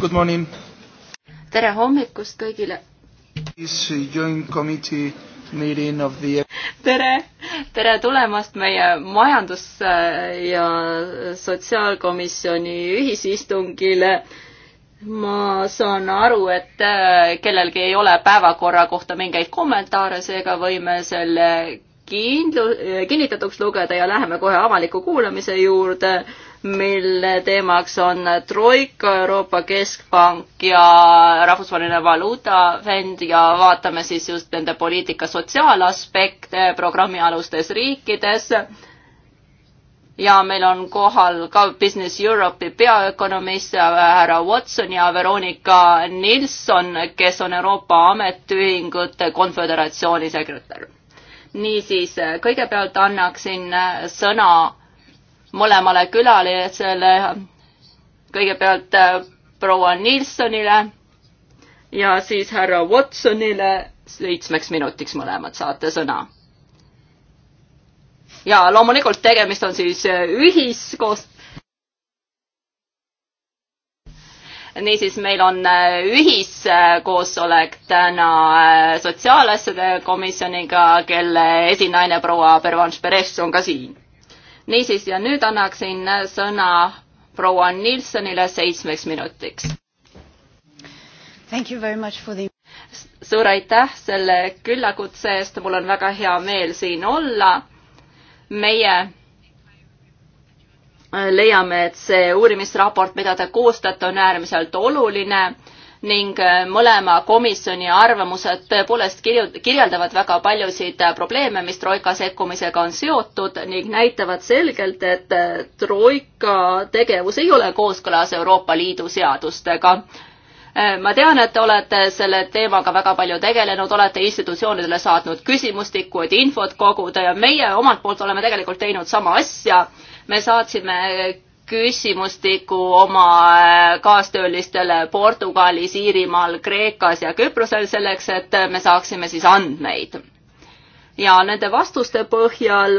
Good morning. tere hommikust kõigile. This joint committee meeting of the. tere, tere tulemast meie majandus- ja sotsiaalkomisjoni ühisistungile ma saan aru, et äh, kellelgi ei ole päevakorra kohta mingeid kommentaare, seega võime selle kindlu-, kinnitatuks lugeda ja läheme kohe avaliku kuulamise juurde mille teemaks on Troika, Euroopa Keskpank ja Rahvusvaheline Valuutafond ja vaatame siis just nende poliitika sotsiaalaspekte programmi alustes riikides. ja meil on kohal ka Business Europe'i peaökonomist härra Watson ja Veronika Nilsson, kes on Euroopa Ametiühingute Konföderatsiooni sekretär. niisiis, kõigepealt annaksin sõna mõlemale külalisele, kõigepealt äh, proua Nilssonile ja siis härra Watsonile seitsmeks minutiks mõlemad saate sõna. ja loomulikult tegemist on siis äh, ühiskoost-. niisiis, meil on äh, ühiskoosolek täna sotsiaalasjade komisjoniga, kelle esinaine proua Pervanš Perez on ka siin niisiis, ja nüüd annaksin sõna proua Nilssonile seitsmeks minutiks. The... suur aitäh selle küllakutse eest, mul on väga hea meel siin olla. meie äh, leiame, et see uurimisraport, mida te koostate, on äärmiselt oluline ning äh, mõlema komisjoni arvamused tõepoolest kirjeldavad väga paljusid äh, probleeme, mis troika sekkumisega on seotud ning näitavad selgelt, et äh, troika tegevus ei ole kooskõlas Euroopa Liidu seadustega ma tean, et te olete selle teemaga väga palju tegelenud, olete institutsioonidele saatnud küsimustikku, et infot koguda ja meie omalt poolt oleme tegelikult teinud sama asja. me saatsime küsimustiku oma äh, kaastöölistele Portugalis, Iirimaal, Kreekas ja Küprosel selleks, et me saaksime siis andmeid. ja nende vastuste põhjal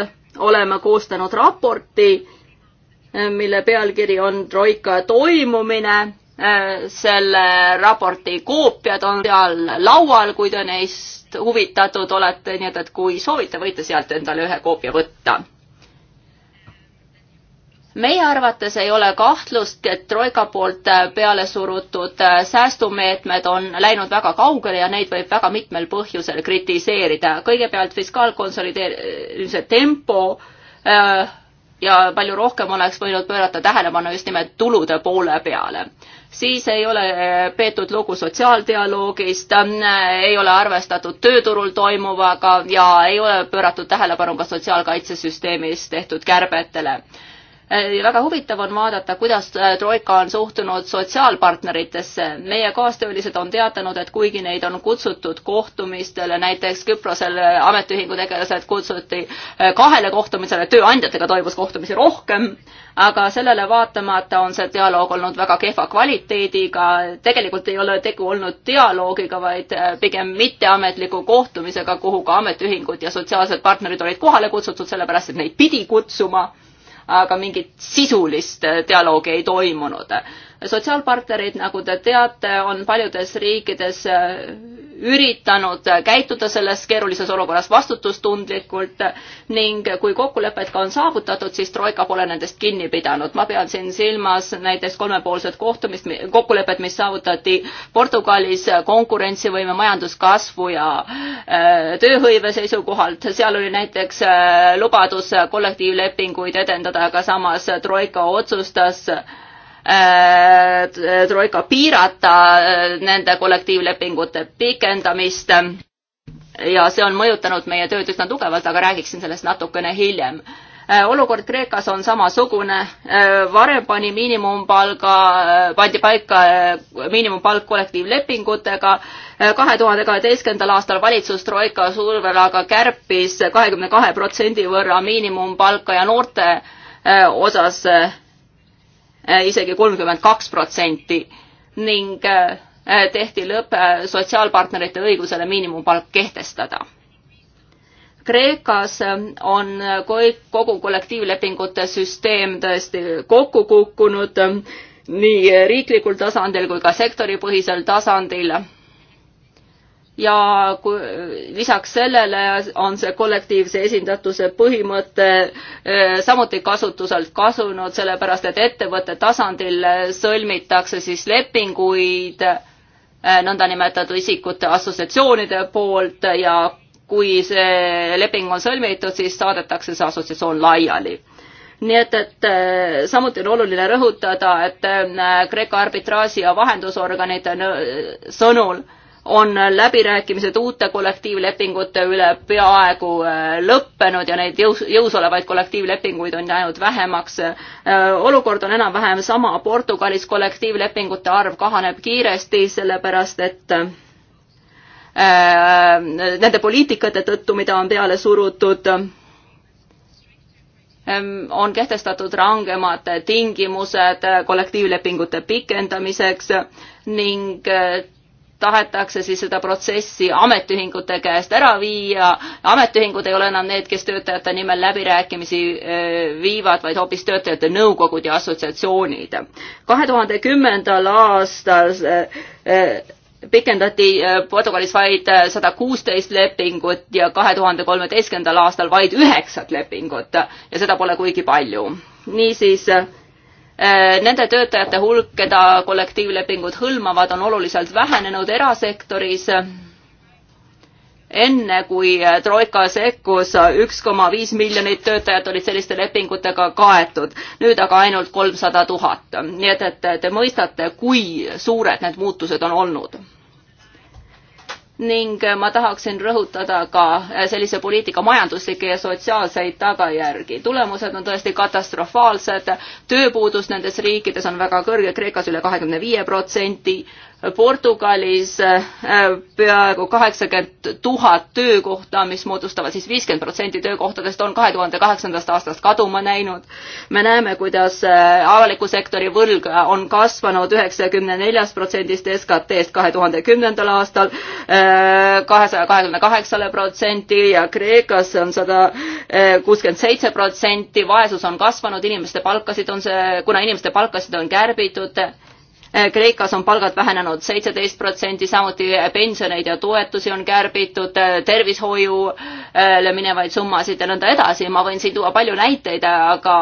oleme koostanud raporti, äh, mille pealkiri on Troika toimumine. Äh, selle raporti koopiad on seal laual, kui te neist huvitatud olete, nii et, et kui soovite, võite sealt endale ühe koopia võtta meie arvates ei ole kahtlust, et Troika poolt äh, peale surutud äh, säästumeetmed on läinud väga kaugele ja neid võib väga mitmel põhjusel kritiseerida. kõigepealt fiskaalkonsolideerimise tempo äh, ja palju rohkem oleks võinud pöörata tähelepanu just nimelt tulude poole peale. siis ei ole peetud lugu sotsiaaldialoogist, ei ole arvestatud tööturul toimuvaga ja ei ole pööratud tähelepanu ka sotsiaalkaitsesüsteemis tehtud kärbetele Äh, väga huvitav on vaadata, kuidas äh, Troika on suhtunud sotsiaalpartneritesse. meie kaastöölised on teatanud, et kuigi neid on kutsutud kohtumistele, näiteks Küprosel ametiühingu tegelased kutsuti äh, kahele kohtumisele, tööandjatega toimus kohtumisi rohkem, aga sellele vaatamata on see dialoog olnud väga kehva kvaliteediga, tegelikult ei ole tegu olnud dialoogiga, vaid pigem mitteametliku kohtumisega, kuhu ka ametiühingud ja sotsiaalsed partnerid olid kohale kutsutud, sellepärast et neid pidi kutsuma aga mingit sisulist dialoogi ei toimunud sotsiaalpartnerid, nagu te teate, on paljudes riikides äh, üritanud käituda selles keerulises olukorras vastutustundlikult ning kui kokkulepet ka on saavutatud, siis Troika pole nendest kinni pidanud. ma pean siin silmas näiteks kolmepoolset kohtumist, kokkulepet, mis saavutati Portugalis konkurentsivõime, majanduskasvu ja äh, tööhõive seisukohalt. seal oli näiteks äh, lubadus kollektiivlepinguid edendada, aga samas Troika otsustas äh, Äh, äh, troika piirata äh, nende kollektiivlepingute pikendamist ja see on mõjutanud meie tööd üsna tugevalt, aga räägiksin sellest natukene hiljem olukord Kreekas on samasugune. varem pani miinimumpalga, pandi paika miinimumpalk kollektiivlepingutega. kahe tuhande kaheteistkümnendal aastal valitsus Troika survel aga kärpis kahekümne kahe protsendi võrra miinimumpalka ja noorte osas Äh, isegi kolmkümmend kaks protsenti ning äh, tehti lõpp äh, sotsiaalpartnerite õigusele miinimumpalk kehtestada. Kreekas on kogu kollektiivlepingute süsteem tõesti kokku kukkunud nii riiklikul tasandil kui ka sektoripõhisel tasandil ja kui, lisaks sellele on see kollektiivse esindatuse põhimõte eh, samuti kasutuselt kasunud, sellepärast et ettevõtte tasandil sõlmitakse siis lepinguid eh, nõndanimetatud isikute assotsiatsioonide poolt ja kui see leping on sõlmitud, siis saadetakse see assotsiatsioon laiali nii et, et eh, samuti on oluline rõhutada, et Kreeka arbitraaži ja vahendusorganite sõnul äh, on läbirääkimised uute kollektiivlepingute üle peaaegu äh, lõppenud ja neid jõus, jõus olevaid kollektiivlepinguid on jäänud vähemaks. Äh, olukord on enam-vähem sama, Portugalis kollektiivlepingute arv kahaneb kiiresti, sellepärast et äh, nende poliitikate tõttu, mida on peale surutud, ähm, on kehtestatud rangemad tingimused kollektiivlepingute pikendamiseks ning tahetakse siis seda protsessi ametiühingute käest ära viia. ametiühingud ei ole enam need, kes töötajate nimel läbirääkimisi eh, viivad, vaid hoopis töötajate nõukogud ja assotsiatsioonid. kahe tuhande kümnendal aastal eh, eh, pikendati Portugalis vaid sada kuusteist lepingut ja kahe tuhande kolmeteistkümnendal aastal vaid üheksat lepingut ja seda pole kuigi palju. niisiis Äh, nende töötajate hulk, keda kollektiivlepingud hõlmavad, on oluliselt vähenenud erasektoris enne kui Troika sekkus, üks koma viis miljonit töötajat olid selliste lepingutega kaetud, nüüd aga ainult kolmsada tuhat. nii et, et te mõistate, kui suured need muutused on olnud ning ma tahaksin rõhutada ka äh, sellise poliitika majanduslikke ja sotsiaalseid tagajärgi. tulemused on tõesti katastrofaalsed, tööpuudus nendes riikides on väga kõrge, Kreekas üle kahekümne viie protsendi, Portugalis äh, peaaegu kaheksakümmend tuhat töökohta, mis moodustavad siis viiskümmend protsenti töökohtadest, on kahe tuhande kaheksandast aastast kaduma läinud. me näeme, kuidas äh, avaliku sektori võlg äh, on kasvanud üheksakümne neljast protsendist SKT-st kahe tuhande kümnendal aastal kahesaja kahekümne kaheksale protsenti ja Kreekas on sada kuuskümmend seitse protsenti, vaesus on kasvanud, inimeste palkasid on see, kuna inimeste palkasid on kärbitud, Äh, Kreekas on palgad vähenenud seitseteist protsenti, samuti pensioneid ja toetusi on kärbitud, äh, tervishoiule minevaid summasid ja nõnda edasi. ma võin siin tuua palju näiteid, aga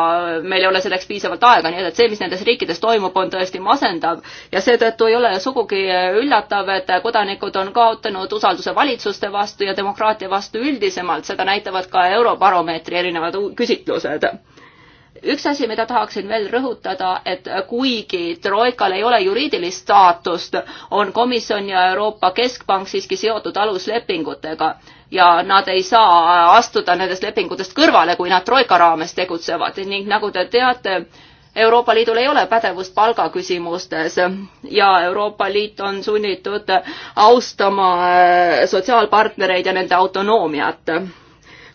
meil ei ole selleks piisavalt aega, nii et see, mis nendes riikides toimub, on tõesti masendav ja seetõttu ei ole sugugi üllatav, et kodanikud on kaotanud usalduse valitsuste vastu ja demokraatia vastu üldisemalt, seda näitavad ka Eurobaromeetri erinevad küsitlused üks asi, mida tahaksin veel rõhutada, et kuigi Troikal ei ole juriidilist staatust, on komisjon ja Euroopa Keskpank siiski seotud aluslepingutega ja nad ei saa astuda nendest lepingutest kõrvale, kui nad Troika raames tegutsevad ning nagu te teate, Euroopa Liidul ei ole pädevust palgaküsimustes ja Euroopa Liit on sunnitud austama sotsiaalpartnereid ja nende autonoomiat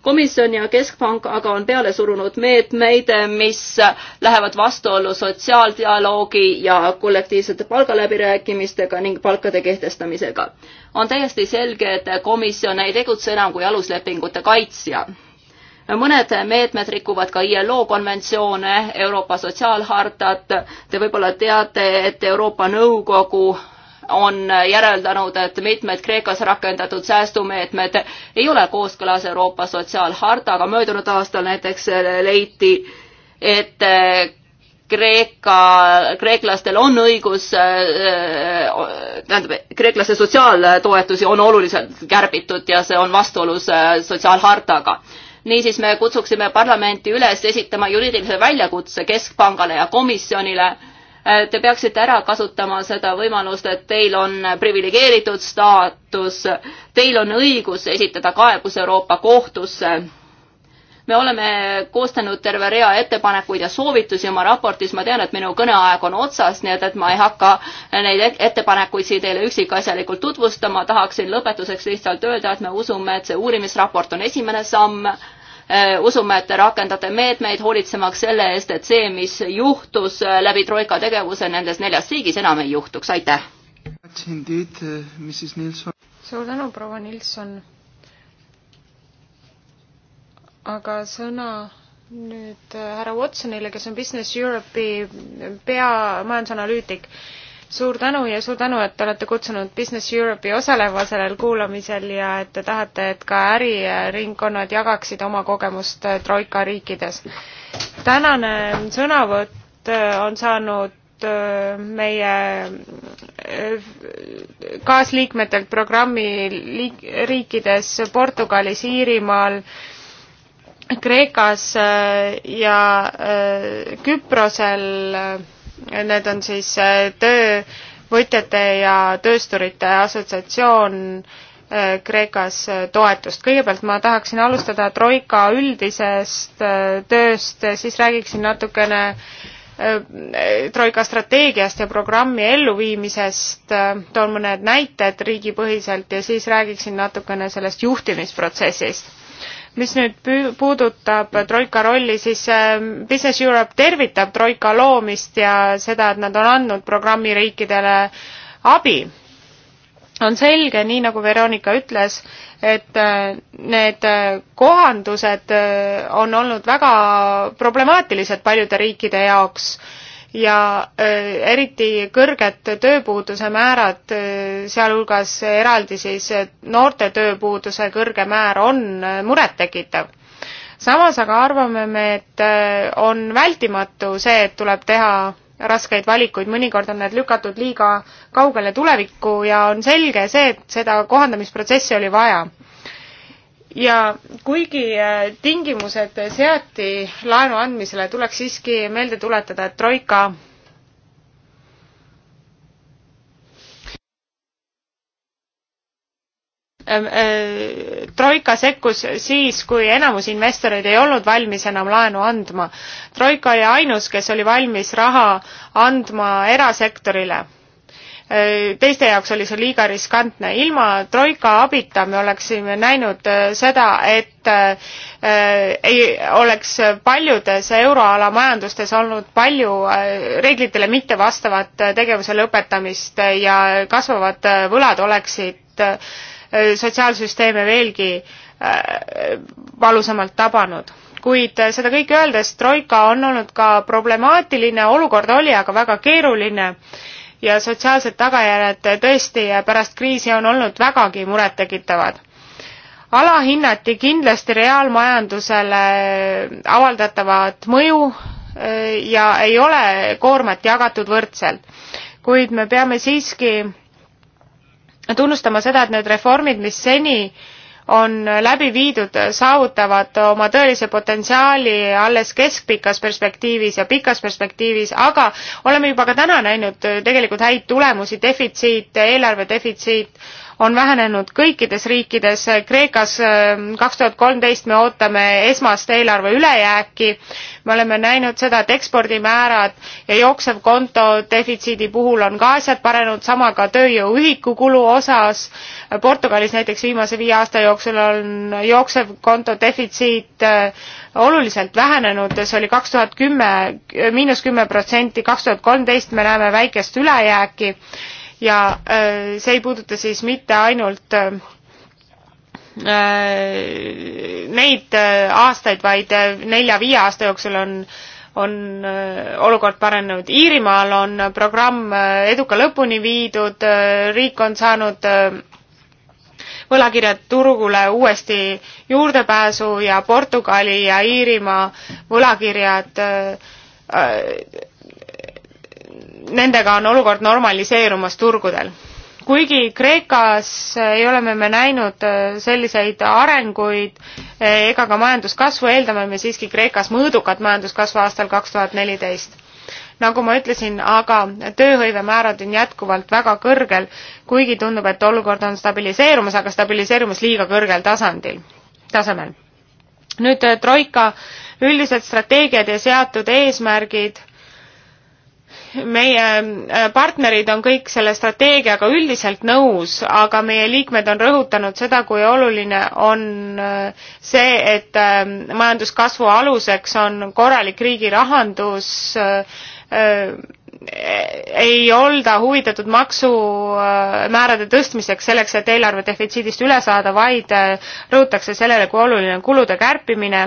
komisjon ja Keskpank aga on peale surunud meetmeid, mis lähevad vastuollu sotsiaaldialoogi ja kollektiivsete palgaläbirääkimistega ning palkade kehtestamisega. on täiesti selge, et komisjon ei tegutse enam kui aluslepingute kaitsja mõned meetmed rikuvad ka ILO konventsioone, Euroopa sotsiaalhartat, te võib-olla teate, et Euroopa Nõukogu on järeldanud, et mitmed Kreekas rakendatud säästumeetmed ei ole kooskõlas Euroopa sotsiaalhartaga. möödunud aastal näiteks leiti, et Kreeka, kreeklastel on õigus, tähendab, kreeklaste sotsiaaltoetusi on oluliselt kärbitud ja see on vastuolus sotsiaalhartaga. niisiis me kutsuksime parlamenti üles esitama juriidilise väljakutse Keskpangale ja komisjonile Äh, te peaksite ära kasutama seda võimalust, et teil on priviligeeritud staatus, teil on õigus esitada kaebus Euroopa kohtusse me oleme koostanud terve rea ettepanekuid ja soovitusi oma raportis, ma tean, et minu kõneaeg on otsas, nii et, et ma ei hakka neid e- ettepanekuid siin teile üksikasjalikult tutvustama, tahaksin lõpetuseks lihtsalt öelda, et me usume, et see uurimisraport on esimene samm Äh, usume, et te rakendate meetmeid hoolitsemaks selle eest, et see, mis juhtus äh, läbi troika tegevuse nendes neljas riigis, enam ei juhtuks, aitäh! Uh, suur tänu, proua Nilsson! aga sõna nüüd äh, härra Watsonile, kes on Business Europe'i pea, majandusanalüütik suur tänu ja suur tänu, et te olete kutsunud Business Europe'i osalema sellel kuulamisel ja et te tahate, et ka äriringkonnad jagaksid oma kogemust äh, Troika riikides. tänane sõnavõtt äh, on saanud äh, meie kaasliikmetelt programmi liik-, riikides Portugalis, Iirimaal, Kreekas ja Küprosel Need on siis äh, Töövõtjate ja Töösturite Assotsiatsioon äh, Kreekas äh, toetust. kõigepealt ma tahaksin alustada Troika üldisest tööst, siis räägiksin natukene Troika strateegiast ja programmi elluviimisest, toon mõned näited riigipõhiselt ja siis räägiksin natukene sellest juhtimisprotsessist mis nüüd puudutab Troika rolli, siis ähm, Business Europe tervitab Troika loomist ja seda, et nad on andnud programmi riikidele abi. on selge, nii nagu Veronika ütles, et äh, need äh, kohandused äh, on olnud väga problemaatilised paljude riikide jaoks ja äh, eriti kõrged tööpuuduse määrad, äh, sealhulgas eraldi siis äh, noorte tööpuuduse kõrge määr on murettekitav. samas aga arvame me, et on vältimatu see, et tuleb teha raskeid valikuid, mõnikord on need lükatud liiga kaugele tulevikku ja on selge see, et seda kohandamisprotsessi oli vaja ja kuigi äh, tingimused seati laenu andmisele, tuleks siiski meelde tuletada, et Troika ähm, äh, Troika sekkus siis, kui enamus investoreid ei olnud valmis enam laenu andma. Troika oli ainus, kes oli valmis raha andma erasektorile Äh, teiste jaoks oli see liiga riskantne. ilma troika abita me oleksime näinud äh, seda, et äh, ei oleks paljudes euroala majandustes olnud palju reeglitele mittevastavat tegevuse lõpetamist ja kasvavad võlad oleksid sotsiaalsüsteeme veelgi valusamalt tabanud kuid seda kõike öeldes troika on olnud ka problemaatiline olukord oli aga väga keeruline ja sotsiaalsed tagajärjed tõesti pärast kriisi on olnud vägagi murettekitavad. alahinnati kindlasti reaalmajandusele avaldatavat mõju eh, ja ei ole koormat jagatud võrdselt, kuid me peame siiski tunnustama seda, et need reformid, mis seni äh, on läbi viidud, saavutavad oma tõelise potentsiaali alles keskpikas perspektiivis ja pikas perspektiivis, aga oleme juba ka täna näinud tegelikult häid tulemusi, defitsiit, eelarve defitsiit on vähenenud kõikides riikides, Kreekas ehm, kaks tuhat kolmteist me ootame esmast eelarve ülejääki, me oleme näinud seda, et ekspordimäärad ja jooksev konto defitsiidi puhul on ka asjad paranenud, sama ka tööjõuühiku kulu osas, Portugalis näiteks viimase viie aasta jooksul jooksul on jooksev konto defitsiit äh, oluliselt vähenenud, see oli kaks tuhat kümme, äh, miinus kümme protsenti, kaks tuhat kolmteist me näeme väikest ülejääki ja äh, see ei puuduta siis mitte ainult neid aastaid, vaid nelja-viie aasta jooksul on on olukord paranenud. Iirimaal on programm eduka lõpuni viidud, riik on saanud võlakirjaturgule uuesti juurdepääsu ja Portugali ja Iirimaa võlakirjad äh, nendega on olukord normaliseerumas turgudel. kuigi Kreekas ei ole me, me näinud äh, selliseid arenguid äh, ega ka majanduskasvu, eeldame me siiski Kreekas mõõdukat majanduskasvu aastal kaks tuhat neliteist nagu ma ütlesin, aga tööhõivemäärad on jätkuvalt väga kõrgel, kuigi tundub, et olukord on stabiliseerumas, aga stabiliseerumas liiga kõrgel tasandil, tasemel. nüüd äh, Troika üldised strateegiad ja seatud eesmärgid meie äh, partnerid on kõik selle strateegiaga üldiselt nõus, aga meie liikmed on rõhutanud seda, kui oluline on äh, see, et majanduskasvu aluseks on korralik riigi rahandus, Äh, ei olda huvitatud maksumäärade tõstmiseks selleks, et eelarve defitsiidist üle saada, vaid äh, rõhutakse sellele, kui oluline on kulude kärpimine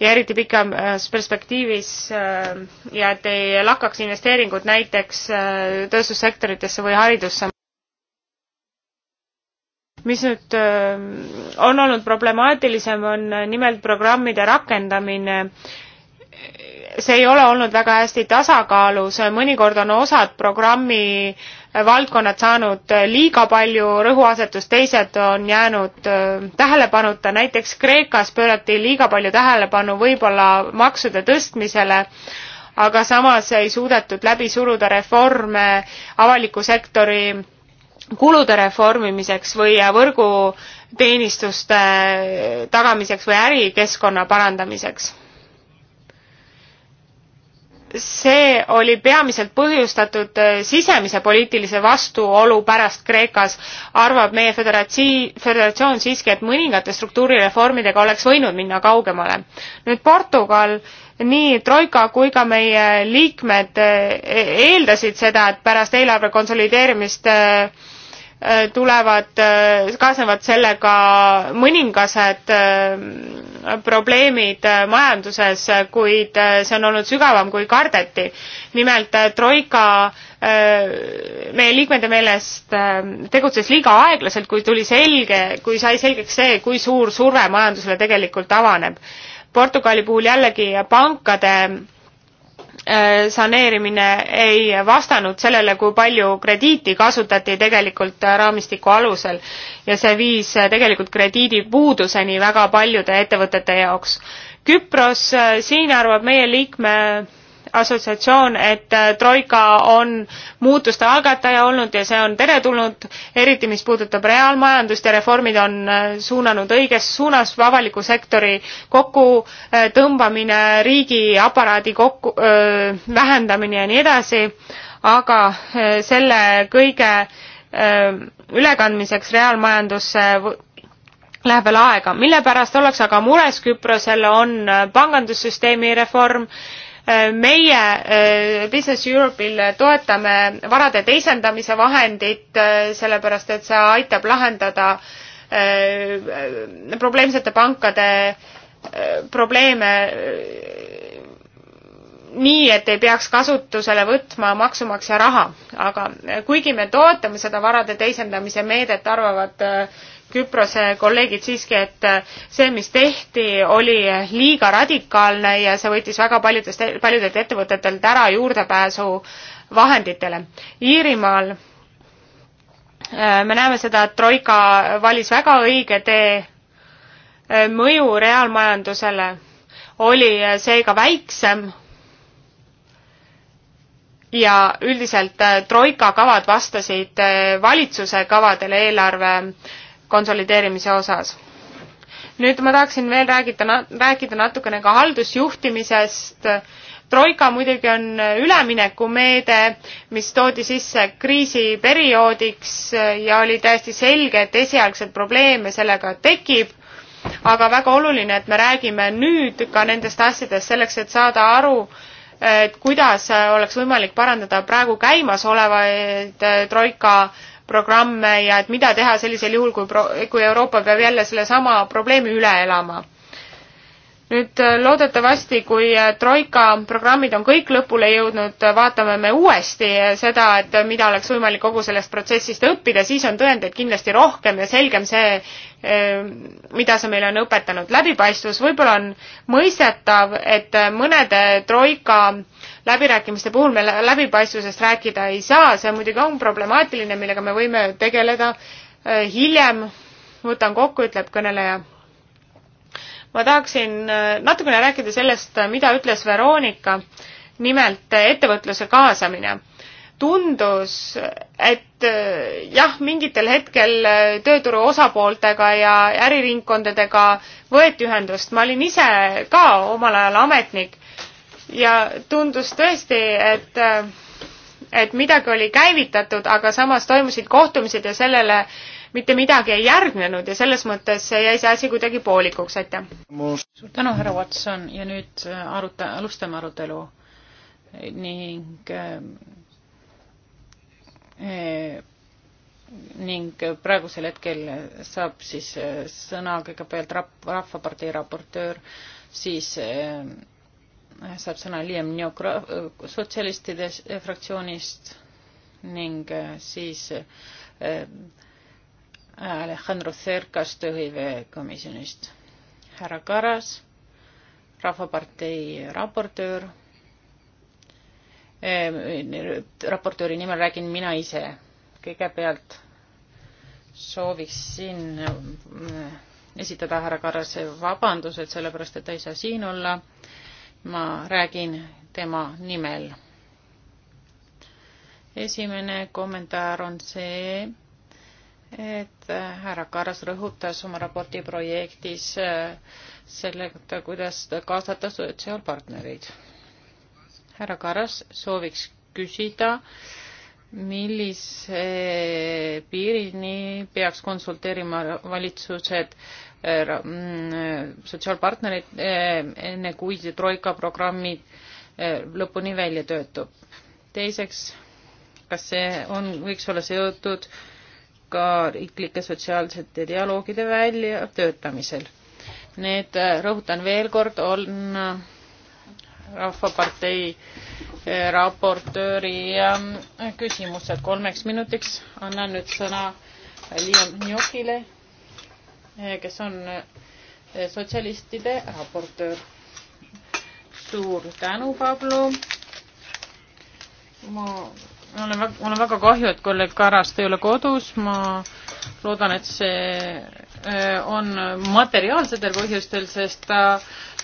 ja eriti pikemas äh, perspektiivis ja et ei lakkaks investeeringud näiteks tööstussektoritesse või haridusse mis nüüd on olnud problemaatilisem, on nimelt programmide rakendamine see ei ole olnud väga hästi tasakaalus, mõnikord on osad programmi valdkonnad saanud liiga palju rõhuasetust, teised on jäänud äh, tähelepanuta, näiteks Kreekas pöörati liiga palju tähelepanu võib-olla maksude tõstmisele, aga samas ei suudetud läbi suruda reforme avaliku sektori kulude reformimiseks või võrguteenistuste tagamiseks või ärikeskkonna parandamiseks see oli peamiselt põhjustatud äh, sisemise poliitilise vastuolu pärast Kreekas, arvab meie föderatsi-, föderatsioon siiski, et mõningate struktuurireformidega oleks võinud minna kaugemale. nüüd Portugal, nii Troika kui ka meie liikmed äh, e-, eeldasid seda, et pärast eelarve konsolideerimist äh, Äh, tulevad, äh, kaasnevad sellega mõningased äh, probleemid majanduses, kuid see on olnud sügavam, kui kardeti. nimelt Troika meie liikmete meelest tegutses liiga aeglaselt, kui tuli selge, kui sai selgeks see, kui suur surve majandusele tegelikult avaneb. Portugali puhul jällegi pankade Äh, saneerimine ei vastanud sellele, kui palju krediiti kasutati tegelikult äh, raamistiku alusel ja see viis äh, tegelikult krediidipuuduseni väga paljude ettevõtete jaoks. Küpros, siin arvab meie liikme assotsiatsioon, et äh, Troika on muutuste algataja olnud ja see on teretulnud, eriti mis puudutab reaalmajandust ja reformid on äh, suunanud õiges suunas, avaliku sektori kokkutõmbamine, riigiaparaadi kokku, äh, vähendamine ja nii edasi, aga selle kõige ülekandmiseks reaalmajandusse läheb veel aega. mille pärast ollakse aga mures Küprosel, on pangandussüsteemi reform meie äh, Business Europe'il toetame varade teisendamise vahendit, äh, sellepärast et see aitab lahendada äh, probleemsete pankade probleeme nii, et ei peaks kasutusele võtma maksumaksja raha, aga kuigi me toetame seda varade teisendamise meedet, arvavad äh, Küprose kolleegid siiski, et äh, see, mis tehti, oli liiga radikaalne ja see võttis väga paljudest, e-, paljudelt ettevõtetelt ära juurdepääsu vahenditele. Iirimaal äh, me näeme seda, et Troika valis väga õige tee. Äh, mõju reaalmajandusele oli seega väiksem ja üldiselt troika kavad vastasid valitsuse kavadele eelarve konsolideerimise osas. nüüd ma tahaksin veel räägida, rääkida natukene ka haldusjuhtimisest. troika muidugi on üleminekumeede, mis toodi sisse kriisiperioodiks ja oli täiesti selge, et esialgseid probleeme sellega tekib aga väga oluline, et me räägime nüüd ka nendest asjadest selleks, et saada aru, et kuidas oleks võimalik parandada praegu käimasolevaid eh, troika äh, programme ja et mida teha sellisel juhul, kui pro-, kui Euroopa peab jälle sellesama probleemi üle elama nüüd äh, loodetavasti, kui äh, Troika programmid on kõik lõpule jõudnud, äh, vaatame me uuesti seda, et mida oleks võimalik kogu sellest protsessist õppida, siis on tõendeid kindlasti rohkem ja selgem see, mida see meile on õpetanud. läbipaistvus võib-olla on mõistetav, et mõnede Troika läbirääkimiste puhul me läbipaistvusest rääkida ei saa, see muidugi on problemaatiline, millega me võime tegeleda hiljem. võtan kokku, ütleb kõneleja ma tahaksin äh, natukene rääkida sellest, äh, mida ütles Veronika, nimelt äh, ettevõtluse kaasamine. tundus, et jah, mingitel hetkel tööturu osapooltega ja äriringkondadega võeti ühendust, ma olin ise ka omal ajal ametnik ja tundus tõesti, et et midagi oli käivitatud, aga samas toimusid kohtumised ja sellele äh, mitte midagi ei järgnenud ja selles mõttes jäi see asi kuidagi poolikuks, aitäh. suur tänu, härra Watson ja nüüd äh, aruta-, alustame arutelu ning äh, äh, ning praegusel hetkel saab siis äh, sõna kõigepealt rap-, Rahvapartei raportöör, siis äh, saab sõna Liam Njok sotsialistide fraktsioonist ning äh, siis Alejandro Cercas tööhõivekomisjonist. Eh, härra Karas, Rahvapartei raportöör. Eh, raportööri nimel räägin mina ise. kõigepealt sooviksin eh, esitada härra Karase vabandused, sellepärast et ta ei saa siin olla. ma räägin tema nimel. esimene kommentaar on see, et äh, härra Karas rõhutas oma raporti projektis äh, selle, kuidas kaasata sotsiaalpartnereid. härra Karas sooviks küsida, millise piirini peaks konsulteerima valitsused äh, mm, sotsiaalpartnerid enne, kui see Troika programmi lõpuni välja töötab. teiseks, kas see on, võiks olla seotud ka riiklike sotsiaalsete dialoogide väljatöötamisel. Need, äh, rõhutan veel kord, on äh, Rahvapartei äh, raportööri küsimused. kolmeks minutiks annan nüüd sõna Liam Njokile, kes on sotsialistide raportöör. suur tänu, Pablo. ma ma olen väga, mul on väga kahju, et kolleeg Karast ei ole kodus, ma loodan, et see äh, on materiaalsetel põhjustel, sest ta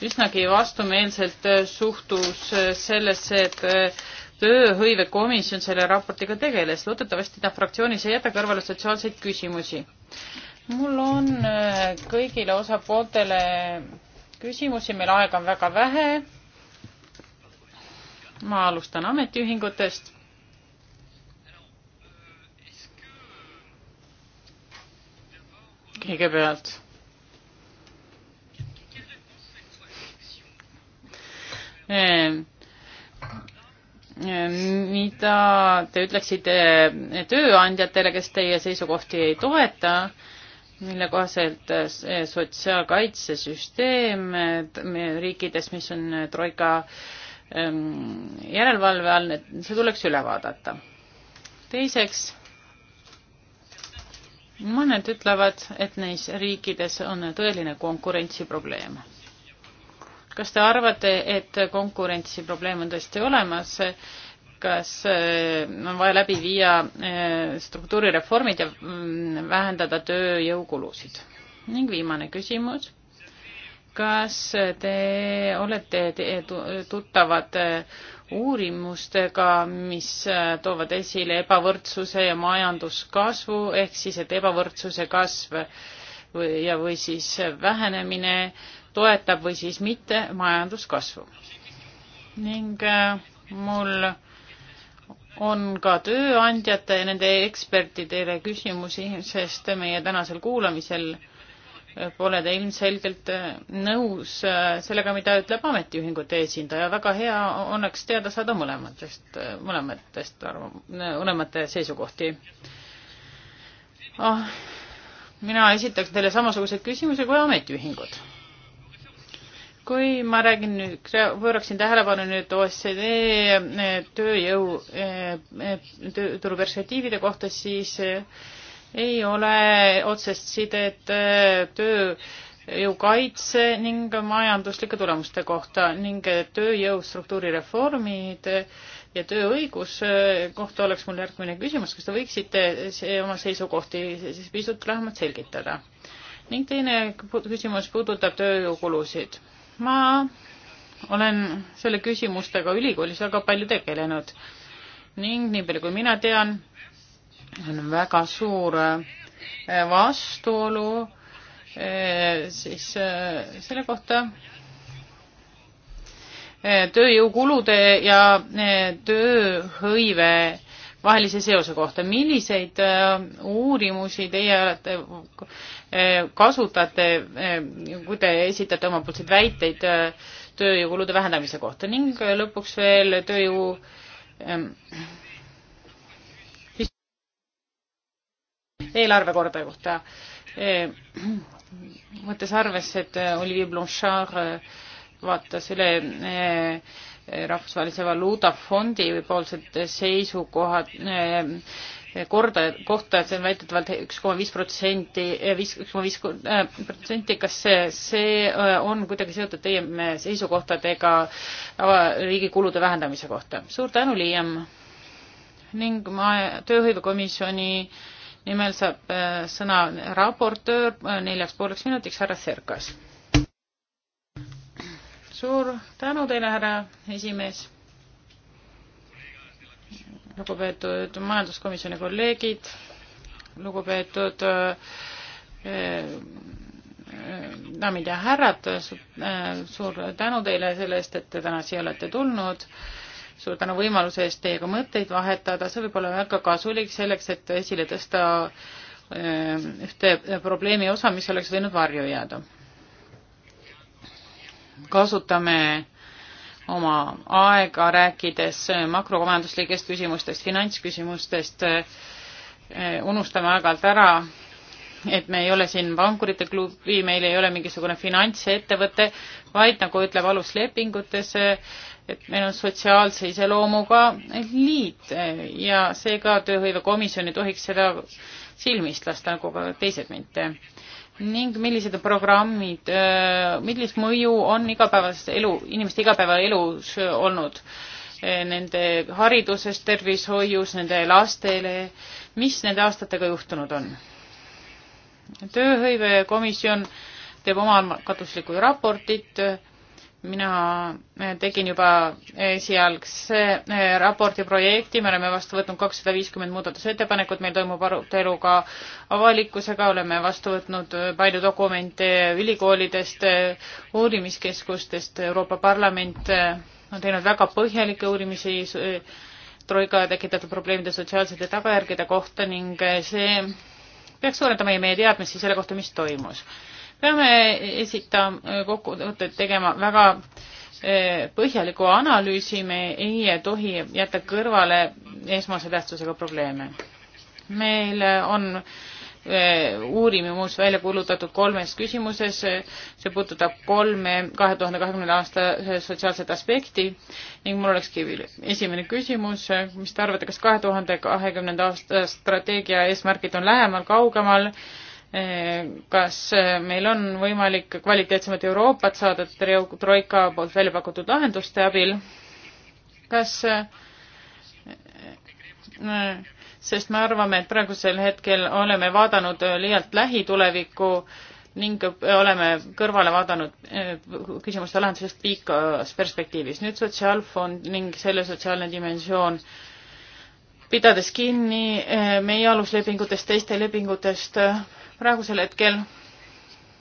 üsnagi vastumeelselt äh, suhtus äh, sellesse, et tööhõivekomisjon selle raportiga tegeles. loodetavasti ta fraktsioonis ei jäta kõrvale sotsiaalseid küsimusi. mul on kõigile osapooltele küsimusi, meil aega on väga vähe. ma alustan ametiühingutest kõigepealt. mida te ütleksite e, tööandjatele, kes teie seisukohti ei toeta, mille kohaselt e, sotsiaalkaitsesüsteem riikides, mis on e, troika järelevalve all, see tuleks üle vaadata. teiseks mõned ütlevad, et neis riikides on tõeline konkurentsiprobleem. kas te arvate, et konkurentsiprobleem on tõesti olemas? kas eh, on vaja läbi viia eh, struktuurireformid ja mm, vähendada tööjõukulusid? ning viimane küsimus. kas te olete tuttavad eh, uurimustega, mis äh, toovad esile ebavõrdsuse ja majanduskasvu ehk siis, et ebavõrdsuse kasv või, ja, või siis vähenemine toetab või siis mitte majanduskasvu. ning äh, mul on ka tööandjate ja nende ekspertidele küsimusi, sest meie tänasel kuulamisel pole te ilmselgelt äh, nõus äh, sellega, mida ütleb ametiühingute esindaja. väga hea oleks teada saada mõlematest, äh, mõlematest arv-, mõlemate seisukohti oh,. mina esitaks teile samasuguseid küsimusi kui ametiühingud. kui ma räägin nüüd, pööraksin tähelepanu nüüd OECD tööjõu, tööturu perspektiivide kohta, siis ei ole otsest sidet äh, tööjõu kaitse ning majanduslike tulemuste kohta ning äh, tööjõu struktuurireformid äh, ja tööõigus kohta oleks mul järgmine küsimus, kas te võiksite oma seisukohti siis pisut lähemalt selgitada? ning teine küsimus puudutab tööjõukulusid. ma olen selle küsimustega ülikoolis väga palju tegelenud ning nii palju, kui mina tean, on väga suur äh, vastuolu äh, siis äh, selle kohta tööjõukulude ja tööhõive vahelise seose kohta. milliseid uurimusi teie olete, kasutate, kui te esitate omapoolseid väiteid tööjõukulude vähendamise kohta ning lõpuks veel tööjõu ähm, eelarve kordaja kohta eh, võttes arvesse, et eh, Olivier Blanchard eh, vaatas üle rahvusvahelise valuutafondi poolsed seisukohad korda, kohta, et see on väidetavalt üks koma viis protsenti, viis, üks koma viis protsenti, kas see, see on kuidagi seotud teie seisukohtadega riigi kulude vähendamise kohta? suur tänu, Liam! ning ma tööhõivekomisjoni äh, nimel saab äh, sõna raportöör äh, neljaks pooleks minutiks, härra Serkas. suur tänu teile, härra esimees. lugupeetud majanduskomisjoni kolleegid, lugupeetud äh, daamid ja härrad, suur tänu teile selle eest, et te täna siia olete tulnud suur tänu võimaluse eest teiega mõtteid vahetada, see võib olla väga kasulik selleks, et esile tõsta äh, ühte probleemi osa, mis oleks võinud varju jääda. kasutame oma aega rääkides makromajanduslikest küsimustest, finantsküsimustest, äh, unustame aeg-ajalt ära et me ei ole siin pankurite klubi, meil ei ole mingisugune finantsettevõte, vaid nagu ütleb aluslepingutes, et meil on sotsiaalse iseloomuga liit ja seega tööhõivekomisjon ei tohiks seda silmist lasta, nagu ka teised mitte. ning millised programmid, millist mõju on igapäevases elu, inimeste igapäevaelus olnud nende hariduses, tervishoius, nende lastele, mis nende aastatega juhtunud on? tööhõivekomisjon teeb omaalgatuslikku raportit. mina tegin juba esialgse eh, raporti projekti, me oleme vastu võtnud kakssada viiskümmend muudatusettepanekut, meil toimub arutelu ka avalikkusega, oleme vastu võtnud palju dokumente ülikoolidest, uurimiskeskustest, Euroopa Parlament on teinud väga põhjalikke uurimisi eh, troika tekitatud probleemide sotsiaalsete tagajärgede kohta ning eh, see peaks suurendama meie teadmisi selle kohta, mis toimus. peame esitama, kokkuvõtteid tegema väga eh, põhjaliku analüüsi, me ei tohi jätta kõrvale esmase tähtsusega probleeme. meil on Äh, uurimus välja kuulutatud kolmes küsimuses, see puudutab kolme kahe tuhande kahekümnenda aasta sotsiaalset aspekti ning mul olekski esimene küsimus, mis te arvate, kas kahe tuhande kahekümnenda aasta strateegia eesmärgid on lähemal, kaugemal, äh, kas äh, meil on võimalik kvaliteetsemat Euroopat saada Troika poolt välja pakutud lahenduste abil, kas sest me arvame, et praegusel hetkel oleme vaadanud äh, liialt lähitulevikku ning äh, oleme kõrvale vaadanud äh, küsimuste lahendusest pikas perspektiivis. nüüd sotsiaalfond ning selle sotsiaalne dimensioon, pidades kinni meie aluslepingutest, teiste lepingutest, praegusel hetkel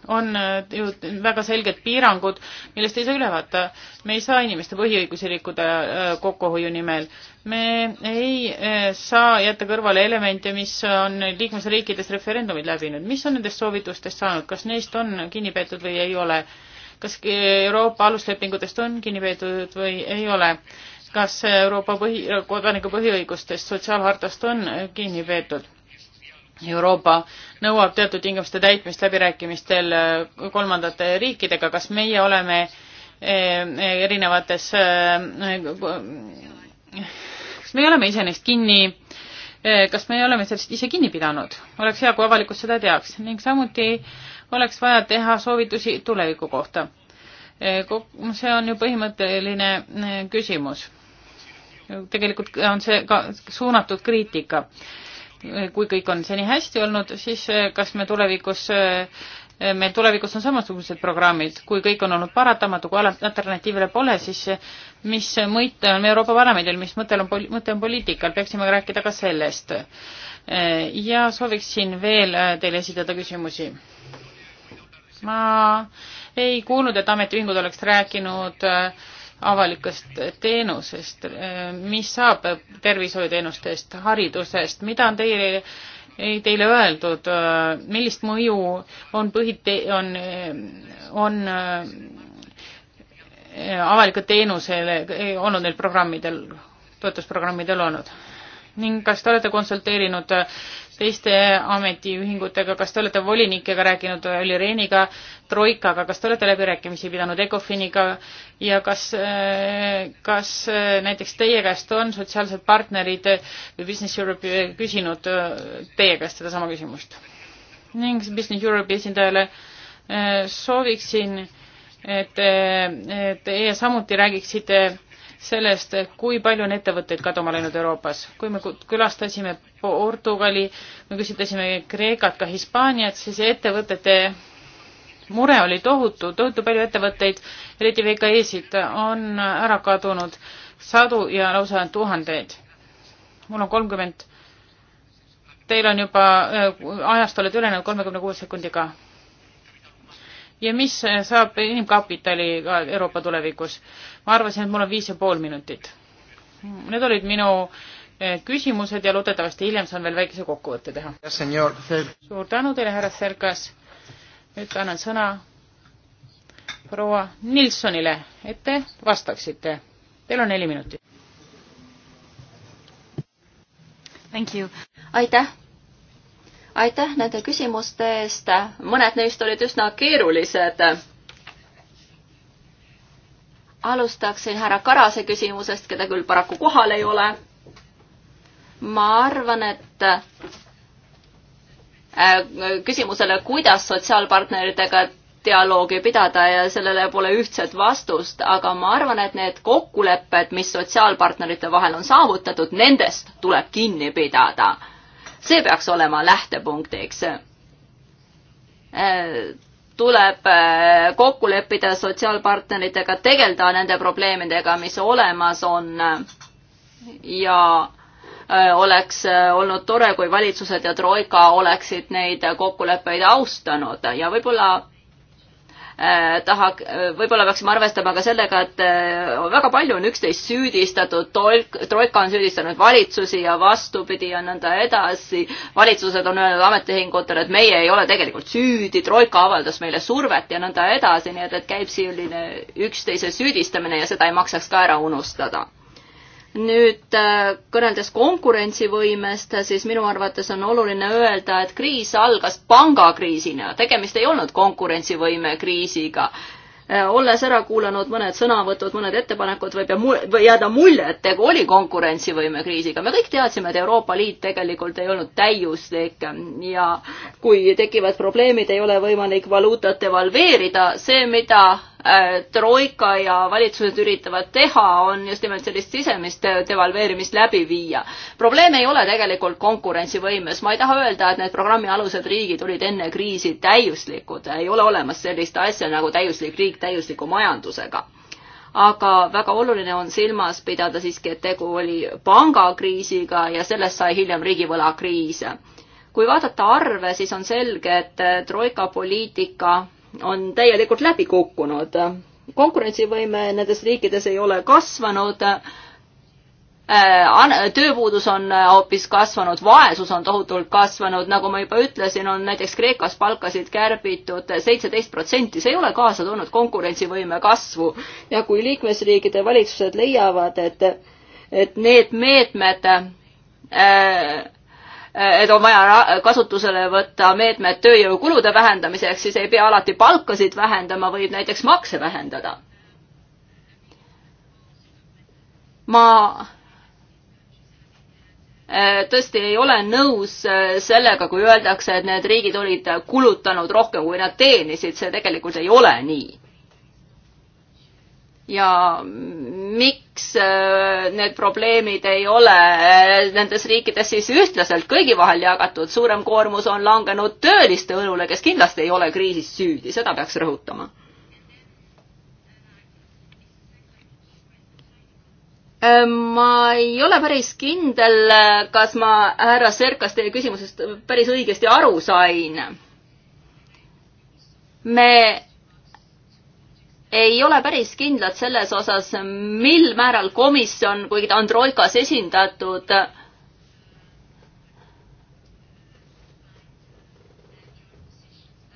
on äh, ju väga selged piirangud, millest ei saa üle vaata. me ei saa inimeste põhiõigusi rikkuda äh, kokkuhoiu nimel. me ei äh, saa jätta kõrvale elemente, mis on liikmesriikides referendumid läbinud. mis on nendest soovitustest saanud, kas neist on kinni peetud või ei ole? kas Euroopa aluslepingutest on kinni peetud või ei ole? kas Euroopa põhi, kodaniku põhiõigustest, sotsiaalhartast on kinni peetud? Euroopa nõuab teatud tingimuste täitmist läbirääkimistel äh, kolmandate riikidega, kas meie oleme äh, erinevates, äh, kas me oleme ise neist kinni, kas me oleme sellest ise kinni pidanud, oleks hea, kui avalikkus seda teaks ning samuti oleks vaja teha soovitusi tuleviku kohta. see on ju põhimõtteline küsimus. tegelikult on see ka suunatud kriitika kui kõik on seni hästi olnud, siis eh, kas me tulevikus, eh, meil tulevikus on samasugused programmid, kui kõik on olnud paratamatu, kui alternatiivile pole, siis eh, mis mõte on Euroopa Parlamendil, mis mõttel on, mõte on poliitikal, peaksime rääkida ka sellest. ja sooviksin veel teile esitada küsimusi. ma ei kuulnud, et ametiühingud oleks rääkinud äh, avalikust teenusest, mis saab tervishoiuteenustest, haridusest, mida on teile, teile öeldud, millist mõju on põhi, on, on avalikud teenusele olnud neil programmidel, toetusprogrammidel olnud? ning kas te olete konsulteerinud teiste ametiühingutega, kas te olete volinikega rääkinud, oli Reeniga, Troikaga, kas te olete läbirääkimisi pidanud Ecofiniga ja kas, kas näiteks teie käest on sotsiaalsed partnerid või Business Europe küsinud teie käest sedasama küsimust? ning Business Europe'i esindajale sooviksin, et teie samuti räägiksite sellest, kui palju on ettevõtteid kaduma läinud Euroopas. kui me külastasime Portugali, me küsitlesime Kreekat, ka Hispaaniat, siis ettevõtete mure oli tohutu, tohutu palju ettevõtteid, eriti VKE-sid, on ära kadunud sadu ja lausa tuhandeid. mul on kolmkümmend, teil on juba, äh, ajast olete ülenenud kolmekümne kuue sekundiga ja mis saab inimkapitaliga Euroopa tulevikus? ma arvasin, et mul on viis ja pool minutit. Need olid minu eh, küsimused ja loodetavasti hiljem saan veel väikese kokkuvõtte teha. suur tänu teile, härra Serkas. nüüd annan sõna proua Nilssonile, et te vastaksite. Teil on neli minutit. aitäh aitäh nende küsimuste eest, mõned neist olid üsna keerulised. alustaksin härra Karase küsimusest, keda küll paraku kohal ei ole. ma arvan, et äh, küsimusele, kuidas sotsiaalpartneritega dialoogi pidada ja sellele pole ühtset vastust, aga ma arvan, et need kokkulepped, mis sotsiaalpartnerite vahel on saavutatud, nendest tuleb kinni pidada see peaks olema lähtepunktiks. Äh, tuleb äh, kokku leppida sotsiaalpartneritega, tegeleda nende probleemidega, mis olemas on ja äh, oleks olnud tore, kui valitsused ja Troika oleksid neid kokkuleppeid austanud ja võib-olla Äh, taha, äh, võib-olla peaksime arvestama ka sellega, et äh, väga palju on üksteist süüdistatud, tolk, troika on süüdistanud valitsusi ja vastupidi ja nõnda edasi. valitsused on öelnud ametiühingutele, et meie ei ole tegelikult süüdi, troika avaldas meile survet ja nõnda edasi, nii et, et käib selline üksteise süüdistamine ja seda ei maksaks ka ära unustada nüüd äh, kõneldes konkurentsivõimest, siis minu arvates on oluline öelda, et kriis algas pangakriisina, tegemist ei olnud konkurentsivõime kriisiga. Äh, olles ära kuulanud mõned sõnavõtud, mõned ettepanekud, võib jääda mulje, et tegu oli konkurentsivõime kriisiga. me kõik teadsime, et Euroopa Liit tegelikult ei olnud täiuslik ja kui tekivad probleemid, ei ole võimalik valuutat devalveerida. see, mida Äh, troika ja valitsused üritavad teha, on just nimelt sellist sisemist äh, devalveerimist läbi viia. probleem ei ole tegelikult konkurentsivõimes, ma ei taha öelda, et need programmi alused riigid olid enne kriisi täiuslikud, ei ole olemas sellist asja nagu täiuslik riik täiusliku majandusega aga väga oluline on silmas pidada siiski, et tegu oli pangakriisiga ja sellest sai hiljem riigivõlakriis. kui vaadata arve, siis on selge, et äh, troika poliitika on täielikult läbi kukkunud. konkurentsivõime nendes riikides ei ole kasvanud äh, tööpuudus on hoopis kasvanud, vaesus on tohutult kasvanud, nagu ma juba ütlesin, on näiteks Kreekas palkasid kärbitud seitseteist protsenti, see ei ole kaasa tulnud konkurentsivõime kasvu ja kui liikmesriikide valitsused leiavad, et, et need meetmed äh, et on vaja kasutusele võtta meetmed tööjõukulude vähendamiseks, siis ei pea alati palkasid vähendama, võib näiteks makse vähendada. ma äh, tõesti ei ole nõus äh, sellega, kui öeldakse, et need riigid olid kulutanud rohkem, kui nad teenisid, see tegelikult ei ole nii. ja miks äh, need probleemid ei ole äh, nendes riikides siis ühtlaselt kõigi vahel jagatud, suurem koormus on langenud tööliste õlule, kes kindlasti ei ole kriisis süüdi, seda peaks rõhutama. Äh, ma ei ole päris kindel, kas ma, härra Serkas, teie küsimusest päris õigesti aru sain. me ei ole päris kindlad selles osas, mil määral komisjon, kuigi ta on troikas esindatud,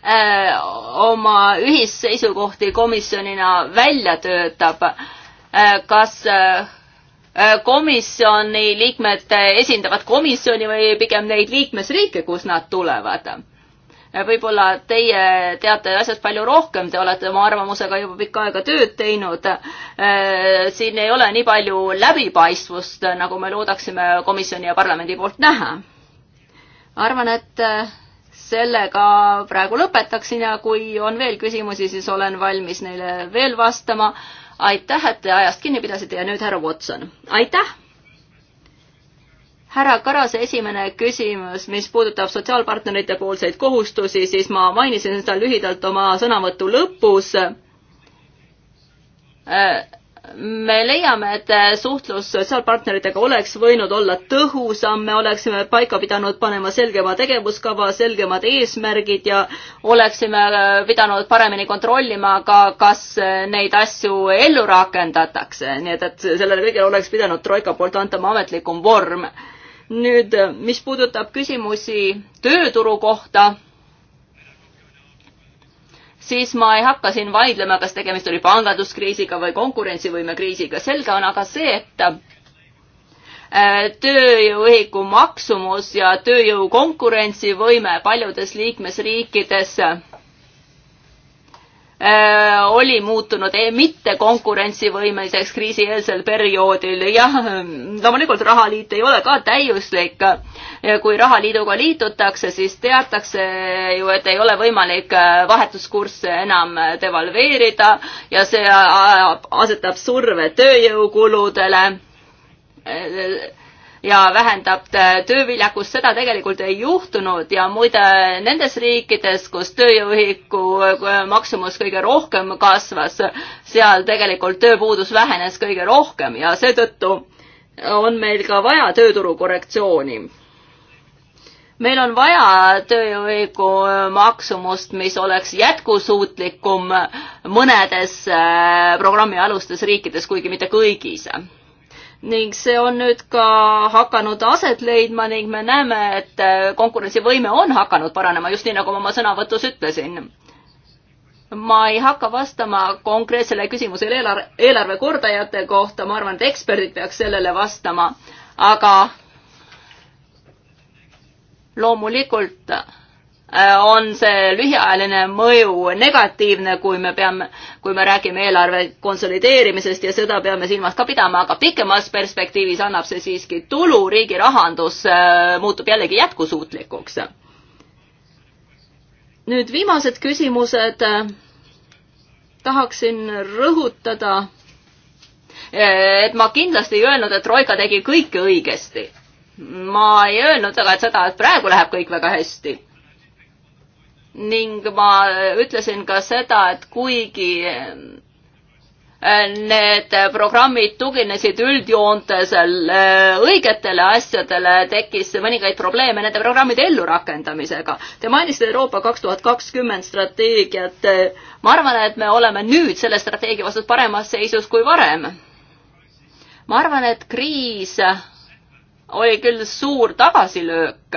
äh, oma ühisseisukohti komisjonina välja töötab. Äh, kas äh, komisjoni liikmed esindavad komisjoni või pigem neid liikmesriike, kust nad tulevad? võib-olla teie teate asjast palju rohkem, te olete oma arvamusega juba pikka aega tööd teinud. Äh, siin ei ole nii palju läbipaistvust, nagu me loodaksime komisjoni ja parlamendi poolt näha. arvan, et äh, sellega praegu lõpetaksin ja kui on veel küsimusi, siis olen valmis neile veel vastama. aitäh, et te ajast kinni pidasite ja nüüd härra Watson, aitäh! härra Karase esimene küsimus, mis puudutab sotsiaalpartnerite poolseid kohustusi, siis ma mainisin seda lühidalt oma sõnavõtu lõpus. me leiame, et suhtlus sotsiaalpartneritega oleks võinud olla tõhusam, me oleksime paika pidanud panema selgema tegevuskava, selgemad eesmärgid ja oleksime pidanud paremini kontrollima ka, kas neid asju ellu rakendatakse, nii et, et sellele kõigele oleks pidanud Troika poolt antama ametlikum vorm nüüd, äh, mis puudutab küsimusi tööturu kohta, siis ma ei hakka siin vaidlema, kas tegemist oli panganduskriisiga või konkurentsivõime kriisiga, selge on aga see, et äh, tööjõuühiku maksumus ja tööjõu konkurentsivõime paljudes liikmesriikides Äh, oli muutunud e- mitte konkurentsivõimeliseks kriisieelsel perioodil. jah, ähm, loomulikult rahaliit ei ole ka täiuslik. kui rahaliiduga liitutakse, siis teatakse ju, et ei ole võimalik äh, vahetuskursse enam devalveerida ja see asetab surve tööjõukuludele äh, ja vähendab tööviljakust, seda tegelikult ei juhtunud ja muide nendes riikides, kus tööjõuühiku maksumus kõige rohkem kasvas, seal tegelikult tööpuudus vähenes kõige rohkem ja seetõttu on meil ka vaja tööturu korrektsiooni. meil on vaja tööjõuõigu maksumust, mis oleks jätkusuutlikum mõnedes eh, programmi alustes riikides, kuigi mitte kõigis ning see on nüüd ka hakanud aset leidma ning me näeme, et äh, konkurentsivõime on hakanud paranema, just nii, nagu ma oma sõnavõtus ütlesin. ma ei hakka vastama konkreetsele küsimusele eelarve, eelarve kordajate kohta, ma arvan, et eksperdid peaks sellele vastama, aga loomulikult Äh, on see lühiajaline mõju negatiivne, kui me peame, kui me räägime eelarve konsolideerimisest ja seda peame silmas ka pidama, aga pikemas perspektiivis annab see siiski tulu, riigi rahandus äh, muutub jällegi jätkusuutlikuks. nüüd viimased küsimused. Äh, tahaksin rõhutada, et ma kindlasti ei öelnud, et Troika tegi kõike õigesti ma ei öelnud aga seda, et praegu läheb kõik väga hästi ning ma ütlesin ka seda, et kuigi eh, need programmid tuginesid üldjoontes eh, õigetele asjadele, tekkis mõningaid probleeme nende programmide ellurakendamisega. Te mainisite Euroopa kaks tuhat kakskümmend strateegiat. ma arvan, et me oleme nüüd selle strateegia vastu paremas seisus kui varem. ma arvan, et kriis oli küll suur tagasilöök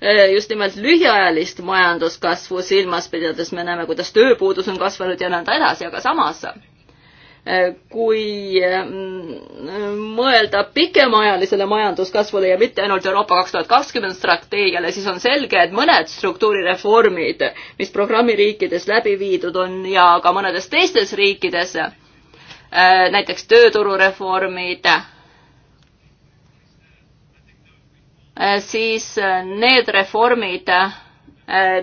Eh, just nimelt lühiajalist majanduskasvu silmas pidades, me näeme, kuidas tööpuudus on kasvanud ja nõnda edasi, aga samas eh, kui mm, mõelda pikemaajalisele majanduskasvule ja mitte ainult Euroopa kaks tuhat kakskümmend strateegiale, siis on selge, et mõned struktuurireformid, mis programmi riikides läbi viidud on ja ka mõnedes teistes riikides, eh, näiteks tööturureformid, Eh, siis eh, need reformid eh,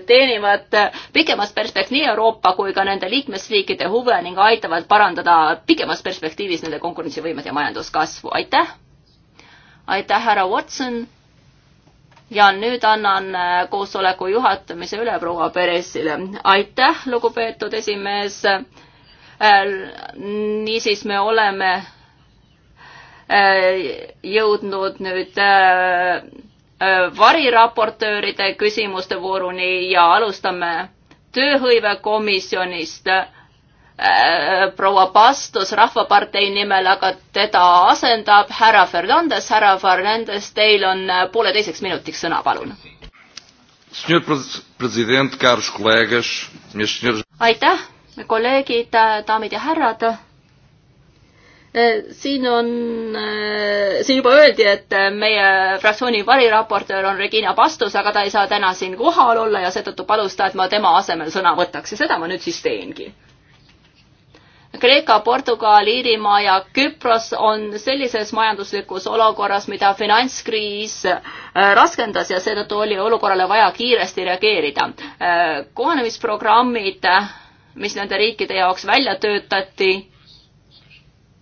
teenivad pikemas perspektiivis nii Euroopa kui ka nende liikmesriikide huve ning aitavad parandada pikemas perspektiivis nende konkurentsivõimet ja majanduskasvu. aitäh! aitäh, härra Watson! ja nüüd annan koosoleku juhatamise üle proua Peresile. aitäh, lugupeetud esimees! niisiis, me oleme jõudnud nüüd variraportööride küsimuste vooruni ja alustame tööhõivekomisjonist proua Pastus Rahvapartei nimel, aga teda asendab härra Fernandes. härra Fernandes, teil on pooleteiseks minutiks sõna, palun. aitäh, kolleegid, daamid ja härrad Eh, siin on, eh, siin juba öeldi, et eh, meie fraktsiooni variraportöör on Regina Pastus, aga ta ei saa täna siin kohal olla ja seetõttu palus ta, et ma tema asemel sõna võtaks ja seda ma nüüd siis teengi. Kreeka, Portugal, Iirimaa ja Küpros on sellises majanduslikus olukorras, mida finantskriis raskendas ja seetõttu oli olukorrale vaja kiiresti reageerida. kohanemisprogrammid, mis nende riikide jaoks välja töötati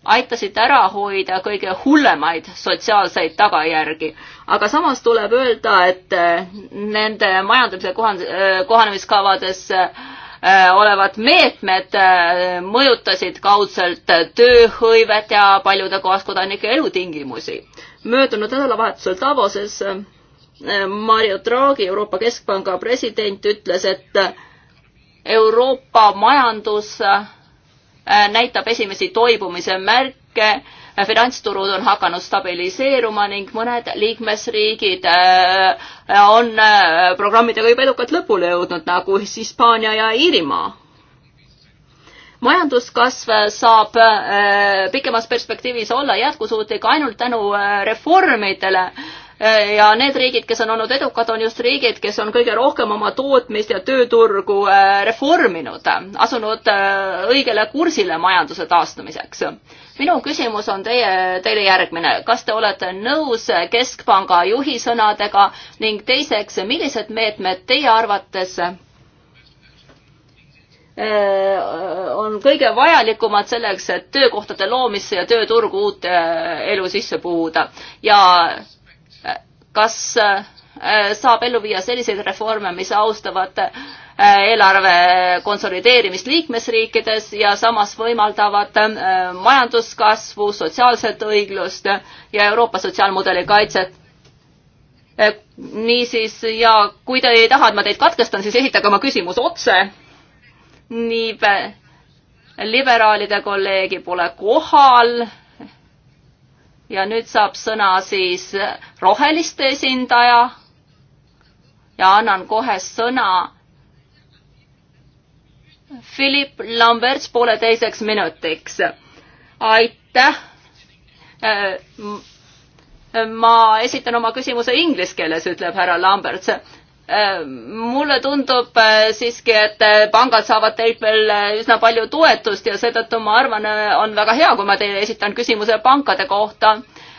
aitasid ära hoida kõige hullemaid sotsiaalseid tagajärgi. aga samas tuleb öelda, et eh, nende majandamise eh, kohanemiskavades eh, olevad meetmed mõjutasid kaudselt tööhõivet ja paljude kaaskodanike elutingimusi. möödunud nädalavahetusel Davoses Mario Draghi, Euroopa Keskpanga president, ütles, et Euroopa majandus Äh, näitab esimesi toibumise märke, äh, finantsturud on hakanud stabiliseeruma ning mõned liikmesriigid äh, on programmidega juba edukalt lõpule jõudnud, nagu Hispaania ja Iirimaa. majanduskasv saab pikemas perspektiivis olla jätkusuutlik ainult tänu reformidele Äh, ja need riigid, kes on olnud edukad, on just riigid, kes on kõige rohkem oma tootmist ja tööturgu äh, reforminud, asunud äh, õigele kursile majanduse taastumiseks. minu küsimus on teie, teile järgmine, kas te olete nõus Keskpanga juhi sõnadega ning teiseks, millised meetmed teie arvates on kõige vajalikumad selleks, et töökohtade loomisse ja tööturgu uut elu sisse puhuda ja kas äh, saab ellu viia selliseid reforme, mis austavad äh, eelarve konsolideerimist liikmesriikides ja samas võimaldavad äh, majanduskasvu, sotsiaalset õiglust ja Euroopa sotsiaalmudeli kaitset. niisiis, ja kui te ei taha, et ma teid katkestan, siis esitage oma küsimus otse. nii, liberaalide kolleegi pole kohal ja nüüd saab sõna siis roheliste esindaja ja annan kohe sõna Philip Lamberts pooleteiseks minutiks. aitäh. Äh, ma esitan oma küsimuse inglise keeles, ütleb härra Lamberts Äh, mulle tundub äh, siiski, et äh, pangad saavad teilt veel üsna palju toetust ja seetõttu ma arvan, on väga hea, kui ma teile esitan küsimuse pankade kohta.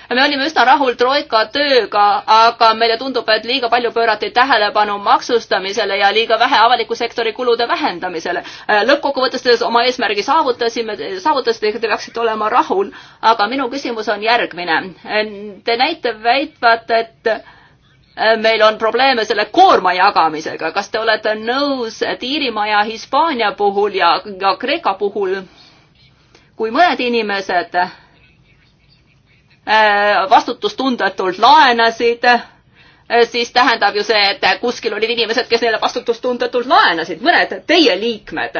me olime üsna rahul Troika tööga, aga meile tundub, et liiga palju pöörati tähelepanu maksustamisele ja liiga vähe avaliku sektori kulude vähendamisele. lõppkokkuvõttes oma eesmärgi saavutasime, saavutasite, te peaksite olema rahul, aga minu küsimus on järgmine. Te näite väitvat, et Äh, meil on probleeme selle koorma jagamisega, kas te olete nõus, et Iirimaa ja Hispaania puhul ja, ja Kreeka puhul, kui mõned inimesed äh, vastutustundetult laenasid, äh, siis tähendab ju see, et kuskil olid inimesed, kes neile vastutustundetult laenasid, mõned teie liikmed.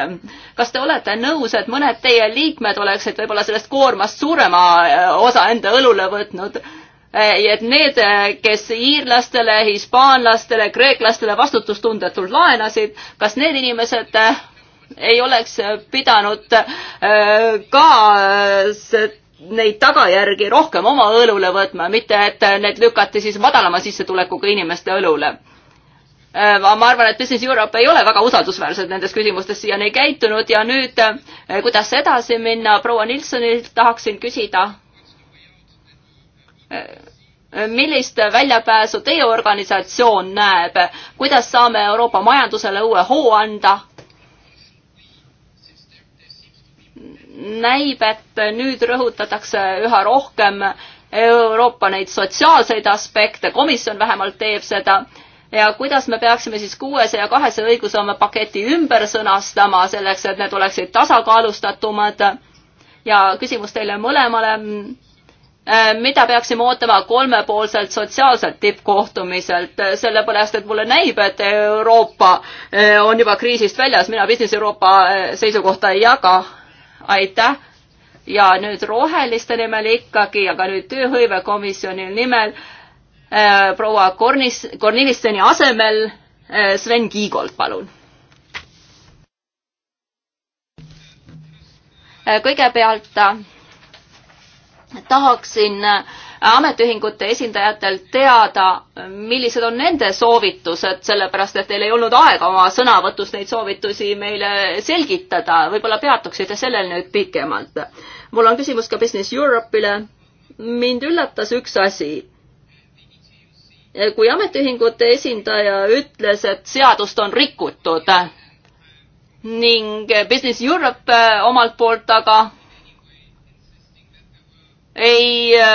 kas te olete nõus, et mõned teie liikmed oleksid võib-olla sellest koormast suurema osa enda õlule võtnud? Eh, et need, eh, kes iirlastele, hispaanlastele, kreeklastele vastutustundetult laenasid, kas need inimesed eh, ei oleks pidanud ka neid tagajärgi rohkem oma õlule võtma, mitte et need lükati siis madalama sissetulekuga inimeste õlule ma arvan, et Business Europe ei ole väga usaldusväärselt nendes küsimustes siiani käitunud ja nüüd, kuidas edasi minna, proua Nilssonilt tahaksin küsida millist väljapääsu teie organisatsioon näeb, kuidas saame Euroopa majandusele uue hoo anda? näib, et nüüd rõhutatakse üha rohkem Euroopa neid sotsiaalseid aspekte, komisjon vähemalt teeb seda, ja kuidas me peaksime siis kuuese ja kahese õigusloome paketi ümber sõnastama selleks, et need oleksid tasakaalustatumad ja küsimus teile mõlemale Äh, mida peaksime ootama kolmepoolselt sotsiaalselt tippkohtumiselt, äh, sellepärast et mulle näib, et Euroopa äh, on juba kriisist väljas, mina Business Euroopa seisukohta ei jaga. aitäh. ja nüüd roheliste nimel ikkagi, aga nüüd tööhõivekomisjoni nimel proua Kornis, Kornilisseni asemel Sven Kiigolt, palun. kõigepealt tahaksin äh, ametiühingute esindajatelt teada, millised on nende soovitused, sellepärast et teil ei olnud aega oma sõnavõtus neid soovitusi meile selgitada, võib-olla peatuksite sellel nüüd pikemalt. mul on küsimus ka Business Europe'ile. mind üllatas üks asi. kui ametiühingute esindaja ütles, et seadust on rikutud ning Business Europe äh, omalt poolt aga ei äh,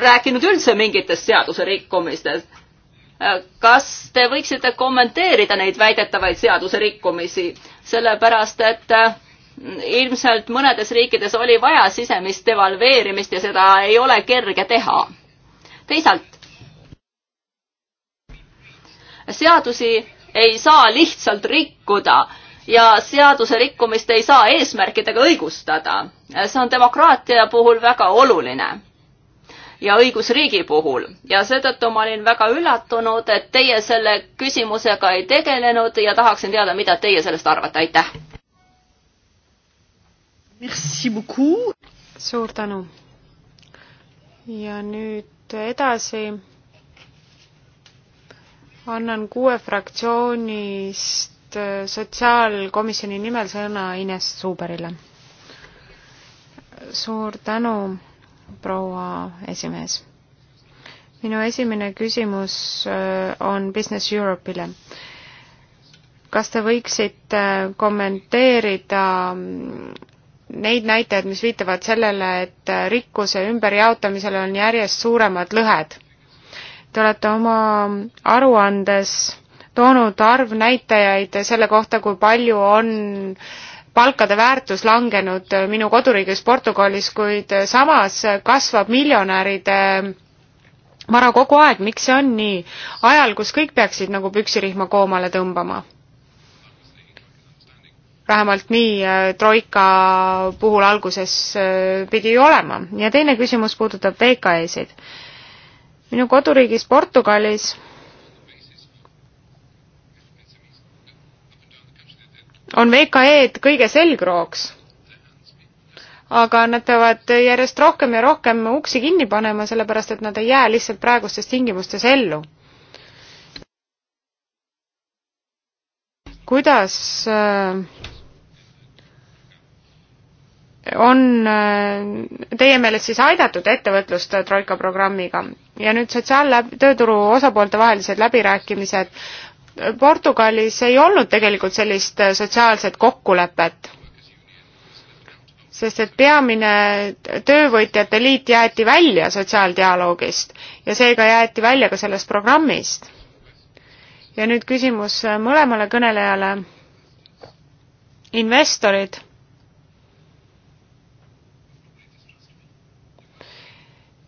rääkinud üldse mingitest seaduserikkumistest. kas te võiksite kommenteerida neid väidetavaid seaduserikkumisi, sellepärast et äh, ilmselt mõnedes riikides oli vaja sisemist devalveerimist ja seda ei ole kerge teha. teisalt, seadusi ei saa lihtsalt rikkuda ja seaduse rikkumist ei saa eesmärkidega õigustada. see on demokraatia puhul väga oluline ja õigusriigi puhul ja seetõttu ma olin väga üllatunud, et teie selle küsimusega ei tegelenud ja tahaksin teada, mida teie sellest arvate, aitäh. suur tänu. ja nüüd edasi annan kuue fraktsioonist nüüd äh, sotsiaalkomisjoni nimel sõna Ines Suuberile. suur tänu, proua esimees. minu esimene küsimus äh, on Business Europe'ile. kas te võiksite kommenteerida mm, neid näitajaid, mis viitavad sellele, et rikkuse ümberjaotamisel on järjest suuremad lõhed? Te olete oma aruandes toonud arvnäitajaid selle kohta, kui palju on palkade väärtus langenud minu koduriigis Portugalis, kuid samas kasvab miljonäride vara kogu aeg, miks see on nii? ajal, kus kõik peaksid nagu püksirihma koomale tõmbama. vähemalt nii äh, Troika puhul alguses äh, pidi ju olema. ja teine küsimus puudutab VKE-sid. minu koduriigis Portugalis on VKE-d kõige selgrooks. aga nad peavad järjest rohkem ja rohkem uksi kinni panema, sellepärast et nad ei jää lihtsalt praegustes tingimustes ellu. kuidas äh, on äh, teie meelest siis aidatud ettevõtlust Troika programmiga ja nüüd sotsiaal- tööturu osapoolte vahelised läbirääkimised Portugalis ei olnud tegelikult sellist äh, sotsiaalset kokkulepet, sest et peamine töövõtjate liit jäeti välja sotsiaaldialoogist ja seega jäeti välja ka sellest programmist. ja nüüd küsimus äh, mõlemale kõnelejale. investorid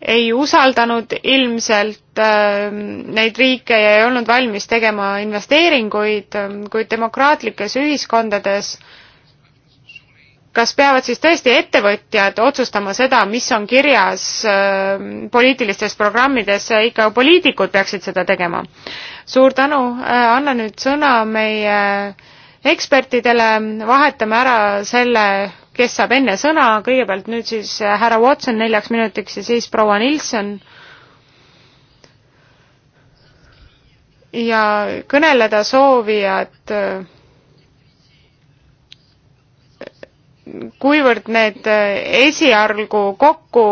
ei usaldanud ilmselt ähm, neid riike ja ei olnud valmis tegema investeeringuid, ähm, kuid demokraatlikes ühiskondades kas peavad siis tõesti ettevõtjad otsustama seda, mis on kirjas äh, poliitilistes programmides, ikka poliitikud peaksid seda tegema. suur tänu äh,, anna nüüd sõna meie ekspertidele, vahetame ära selle kes saab enne sõna, kõigepealt nüüd siis äh, härra Watson neljaks minutiks ja siis proua Nilsson. ja kõneleda soovijad, äh, kuivõrd need äh, esialgu kokku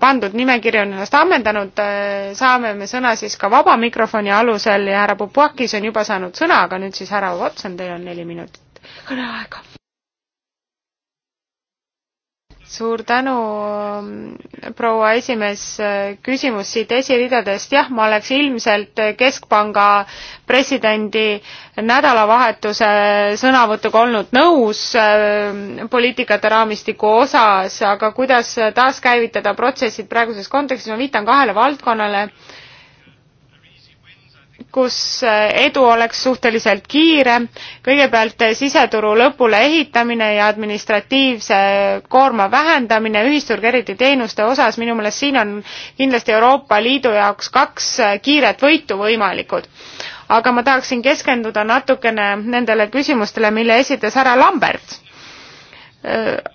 pandud nimekiri on ennast ammendanud, saame me sõna siis ka vaba mikrofoni alusel ja härra Pupakis on juba saanud sõna, aga nüüd siis härra Watson, teil on neli minutit kõneaega suur tänu, ähm, proua esimees, äh, küsimus siit esiridadest, jah, ma oleks ilmselt Keskpanga presidendi nädalavahetuse sõnavõtuga olnud nõus ähm, poliitikate raamistiku osas, aga kuidas taaskäivitada protsessid praeguses kontekstis, ma viitan kahele valdkonnale kus eh, edu oleks suhteliselt kiire, kõigepealt eh, siseturu lõpule ehitamine ja administratiivse koorma vähendamine, ühisturg eriti teenuste osas, minu meelest siin on kindlasti Euroopa Liidu jaoks kaks eh, kiiret võitu võimalikud. aga ma tahaksin keskenduda natukene nendele küsimustele, mille esitas härra Lambert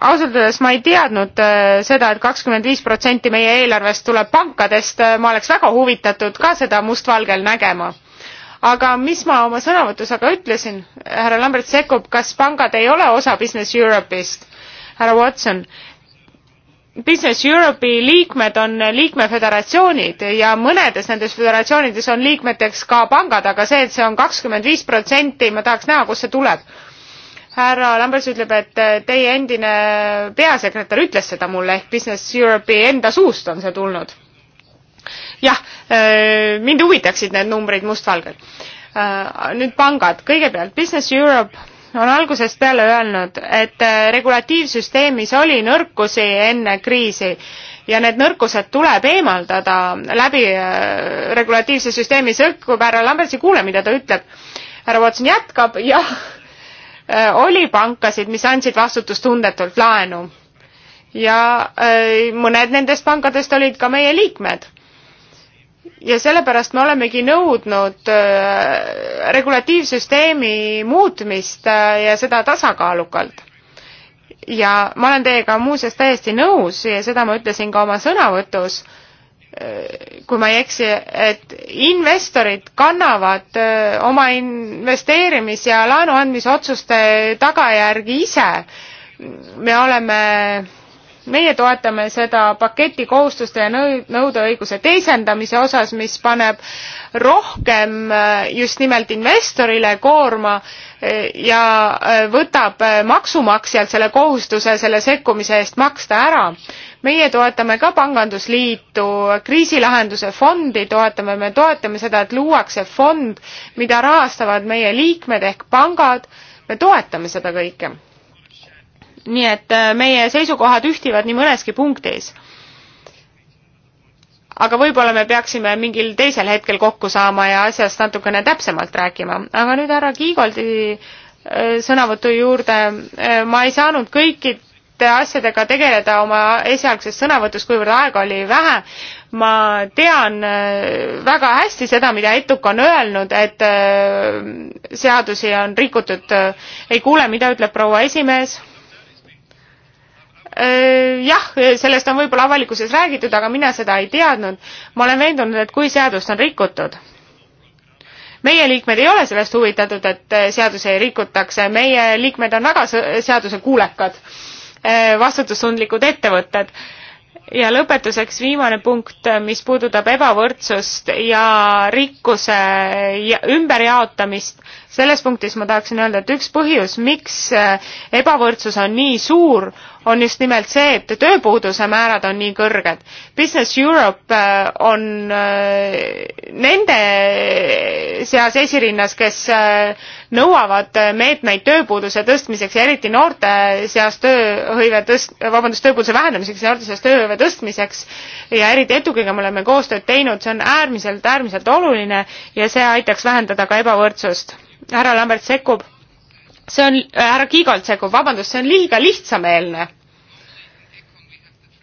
ausalt öeldes ma ei teadnud seda et, et kakskümmend viis protsenti meie eelarvest tuleb pankadest, ma oleks väga huvitatud ka seda mustvalgel nägema aga mis ma oma sõnavõtus aga ütlesin, härra Lambert sekkub, kas pangad ei ole osa Business Europe'ist? härra Watson, Business Europe'i liikmed on liikmeföderatsioonid ja mõnedes nendes föderatsioonides on liikmeteks ka pangad, aga see, et see on kakskümmend viis protsenti, ma tahaks näha, kust see tuleb. härra Lambers ütleb, et teie endine peasekretär ütles seda mulle ehk Business Europe'i enda suust on see tulnud jah, äh, mind huvitaksid need numbrid mustvalgel. Äh, nüüd pangad, kõigepealt Business Europe on algusest peale öelnud, et äh, regulatiivsüsteemis oli nõrkusi enne kriisi ja need nõrkused tuleb eemaldada läbi regulatiivse süsteemi sõltub härra Lambertsi, kuule, mida ta ütleb. härra Watson jätkab, jah, oli pankasid, mis andsid vastutustundetult laenu ja öö, mõned nendest pankadest olid ka meie liikmed ja sellepärast me olemegi nõudnud äh, regulatiivsüsteemi muutmist äh, ja seda tasakaalukalt. ja ma olen teiega muuseas täiesti nõus ja seda ma ütlesin ka oma sõnavõtus, äh, kui ma ei eksi, et investorid kannavad oma investeerimis- ja laenu andmise otsuste tagajärgi ise. me oleme meie toetame seda paketi kohustuste ja nõudeõiguse teisendamise osas, mis paneb rohkem äh, just nimelt investorile koorma äh, ja äh, võtab maksumaksjalt selle kohustuse selle sekkumise eest maksta ära. meie toetame ka Pangandusliitu, kriisilahenduse fondi toetame, me toetame seda, et luuakse fond, mida rahastavad meie liikmed ehk pangad, me toetame seda kõike nii et äh, meie seisukohad ühtivad nii mõneski punktis. aga võib-olla me peaksime mingil teisel hetkel kokku saama ja asjast natukene täpsemalt rääkima, aga nüüd härra Kiigoldi äh, sõnavõtu juurde, äh, ma ei saanud kõiki asjadega tegeleda oma esialgses sõnavõtus, kuivõrd aega oli vähe. ma tean väga hästi seda, mida Etuk on öelnud, et seadusi on rikutud. ei kuule, mida ütleb proua esimees Äh, jah, sellest on võib-olla avalikkuses räägitud, aga mina seda ei teadnud. ma olen veendunud, et kui seadust on rikutud, meie liikmed ei ole sellest huvitatud, et äh, seadusi ei rikutakse, meie liikmed on väga seadusekuulekad, äh, vastutustundlikud ettevõtted. ja lõpetuseks viimane punkt, mis puudutab ebavõrdsust ja rikkuse ümberjaotamist selles punktis ma tahaksin öelda, et üks põhjus, miks äh, ebavõrdsus on nii suur, on just nimelt see, et tööpuuduse määrad on nii kõrged. Business Europe äh, on äh, nende seas esirinnas, kes nõuavad meetmeid tööpuuduse tõstmiseks ja eriti noorte seas tööhõive tõst-, vabandust, tööpuuduse vähendamiseks ja noorte seas tööhõive tõstmiseks ja eriti edukõige me oleme koostööd teinud, see on äärmiselt, äärmiselt oluline ja see aitaks vähendada ka ebavõrdsust härra Lambert sekkub. see on, äh, härra Kiigolt sekkub, vabandust, see on liiga lihtsameelne.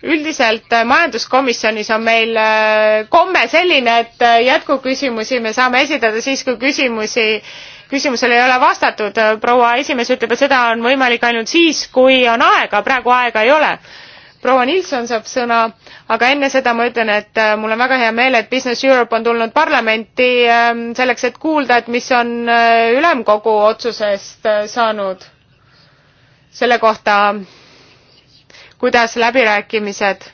üldiselt äh, majanduskomisjonis on meil äh, komme selline, et jätkuküsimusi me saame esitada siis, kui küsimusi küsimusele ei ole vastatud. proua esimees ütleb, et seda on võimalik ainult siis, kui on aega, praegu aega ei ole proua Nilsson saab sõna, aga enne seda ma ütlen, et äh, mul on väga hea meel, et Business Europe on tulnud parlamenti ähm, selleks, et kuulda, et mis on äh, ülemkogu otsusest äh, saanud selle kohta, kuidas läbirääkimised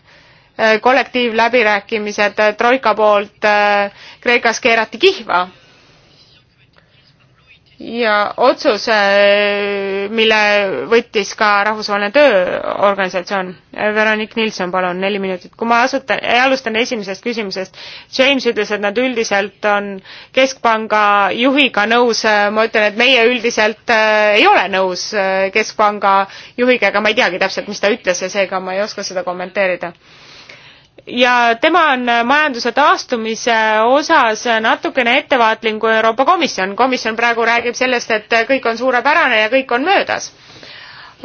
kollektiivläbirääkimised troika poolt Kreekas keerati kihva ja otsuse, mille võttis ka Rahvusvaheline Tööorganisatsioon. Veronik Nilsson, palun, neli minutit. kui ma asutan, alustan esimesest küsimusest. James ütles, et nad üldiselt on keskpanga juhiga nõus, ma ütlen, et meie üldiselt äh, ei ole nõus äh, keskpanga juhiga, ega ma ei teagi täpselt, mis ta ütles ja seega ma ei oska seda kommenteerida ja tema on majanduse taastumise osas natukene ettevaatlik kui Euroopa Komisjon. komisjon praegu räägib sellest, et kõik on suurepärane ja kõik on möödas.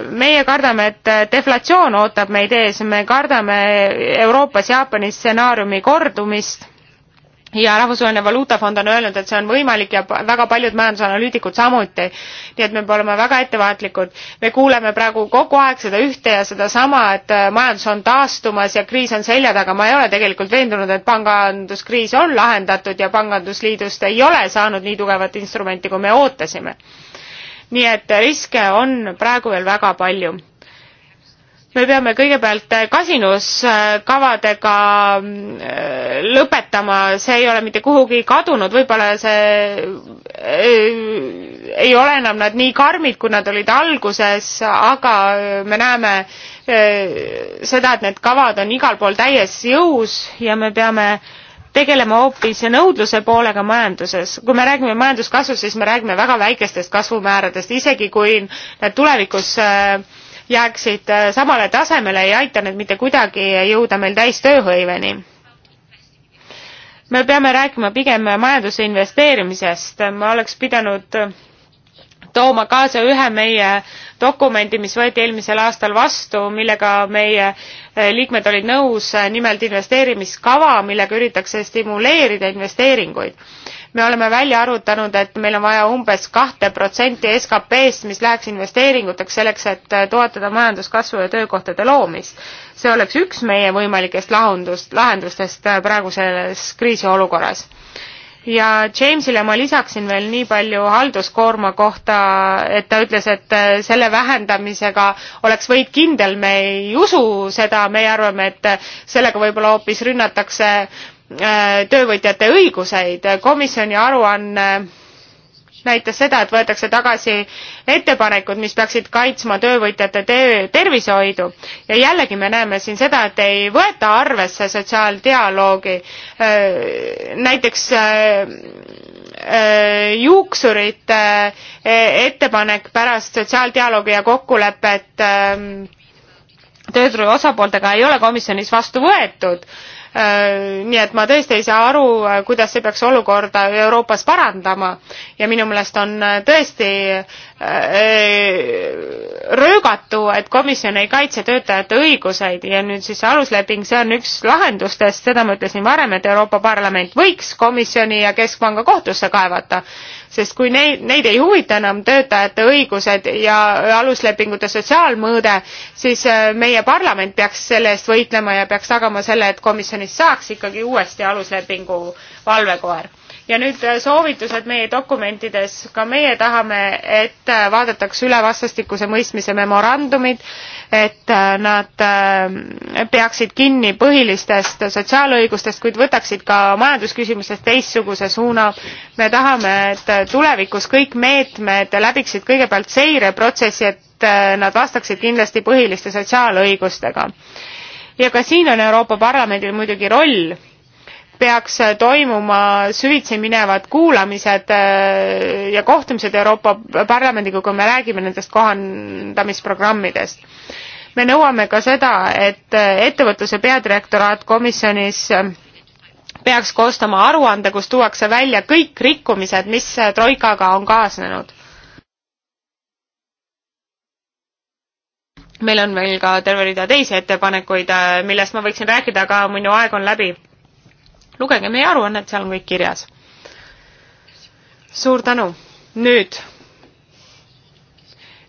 meie kardame, et deflatsioon ootab meid ees, me kardame Euroopas Jaapani stsenaariumi kordumist ja Rahvusvaheline Valuutafond on öelnud, et see on võimalik ja väga paljud majandusanalüütikud samuti. nii et me peame olema väga ettevaatlikud. me kuuleme praegu kogu aeg seda ühte ja sedasama, et äh, majandus on taastumas ja kriis on selja taga. ma ei ole tegelikult veendunud, et panganduskriis on lahendatud ja pangandusliidust ei ole saanud nii tugevat instrumenti, kui me ootasime. nii et riske on praegu veel väga palju me peame kõigepealt äh, kasinuskavadega mm, äh, lõpetama, see ei ole mitte kuhugi kadunud, võib-olla see äh, ei ole enam nad nii karmid, kui nad olid alguses, aga me näeme seda, et need kavad on igal pool täies jõus ja me peame tegelema hoopis nõudluse poolega majanduses. kui me räägime majanduskasvust, siis me räägime väga väikestest kasvumääradest, isegi kui tulevikus äh, jääksid äh, samale tasemele, ei aita need mitte kuidagi jõuda meil täistööhõiveni. me peame rääkima pigem majanduse investeerimisest, ma oleks pidanud tooma kaasa ühe meie dokumendi, mis võeti eelmisel aastal vastu, millega meie äh, liikmed olid nõus, äh, nimelt investeerimiskava, millega üritatakse stimuleerida investeeringuid me oleme välja arvutanud, et meil on vaja umbes kahte protsenti SKP-st, mis läheks investeeringuteks selleks, et äh, toetada majanduskasvu ja töökohtade loomist. see oleks üks meie võimalikest lahendust, lahendustest äh, praeguses kriisiolukorras ja Jamesile ma lisaksin veel nii palju halduskoorma kohta, et ta ütles, et äh, selle vähendamisega oleks võit kindel, me ei usu seda, meie arvame, et sellega võib-olla hoopis rünnatakse Äh, töövõtjate õiguseid. komisjoni aruanne näitas seda, et võetakse tagasi ettepanekud, mis peaksid kaitsma töövõtjate töö tervishoidu ja jällegi me näeme siin seda, et ei võeta arvesse sotsiaaldialoogi. Äh, näiteks äh, juuksurite ettepanek pärast sotsiaaldialoogi ja kokkulepet ähm, tööturu osapooltega ei ole komisjonis vastu võetud Äh, nii et ma tõesti ei saa aru, äh, kuidas see peaks olukorda Euroopas parandama ja minu meelest on äh, tõesti Äh, röögatu, et komisjon ei kaitse töötajate õiguseid ja nüüd siis see alusleping, see on üks lahendustest, seda ma ütlesin varem, et Euroopa Parlament võiks komisjoni ja Keskpanga kohtusse kaevata. sest kui neid, neid ei huvita enam töötajate õigused ja aluslepingute sotsiaalmõõde, siis äh, meie parlament peaks selle eest võitlema ja peaks tagama selle, et komisjonis saaks ikkagi uuesti aluslepingu valvekoer ja nüüd äh, soovitused meie dokumentides, ka meie tahame, et äh, vaadatakse üle vastastikuse mõistmise memorandumid, et äh, nad peaksid kinni põhilistest sotsiaalõigustest, kuid võtaksid ka majandusküsimustest teistsuguse suuna. me tahame, et tulevikus kõik meetmed läbiksid kõigepealt seireprotsessi, et nad vastaksid kindlasti põhiliste sotsiaalõigustega. ja ka siin on Euroopa Parlamendil muidugi roll peaks toimuma süvitsi minevad kuulamised äh, ja kohtumised Euroopa Parlamendiga, kui me räägime nendest kohandamisprogrammidest. me nõuame ka seda, et äh, ettevõtluse peadirektoraat komisjonis äh, peaks koostama aruande, kus tuuakse välja kõik rikkumised, mis Troikaga on kaasnenud. meil on veel ka terve rida teisi ettepanekuid, millest ma võiksin rääkida, aga minu aeg on läbi lugege meie aruannet, seal on kõik kirjas. suur tänu. nüüd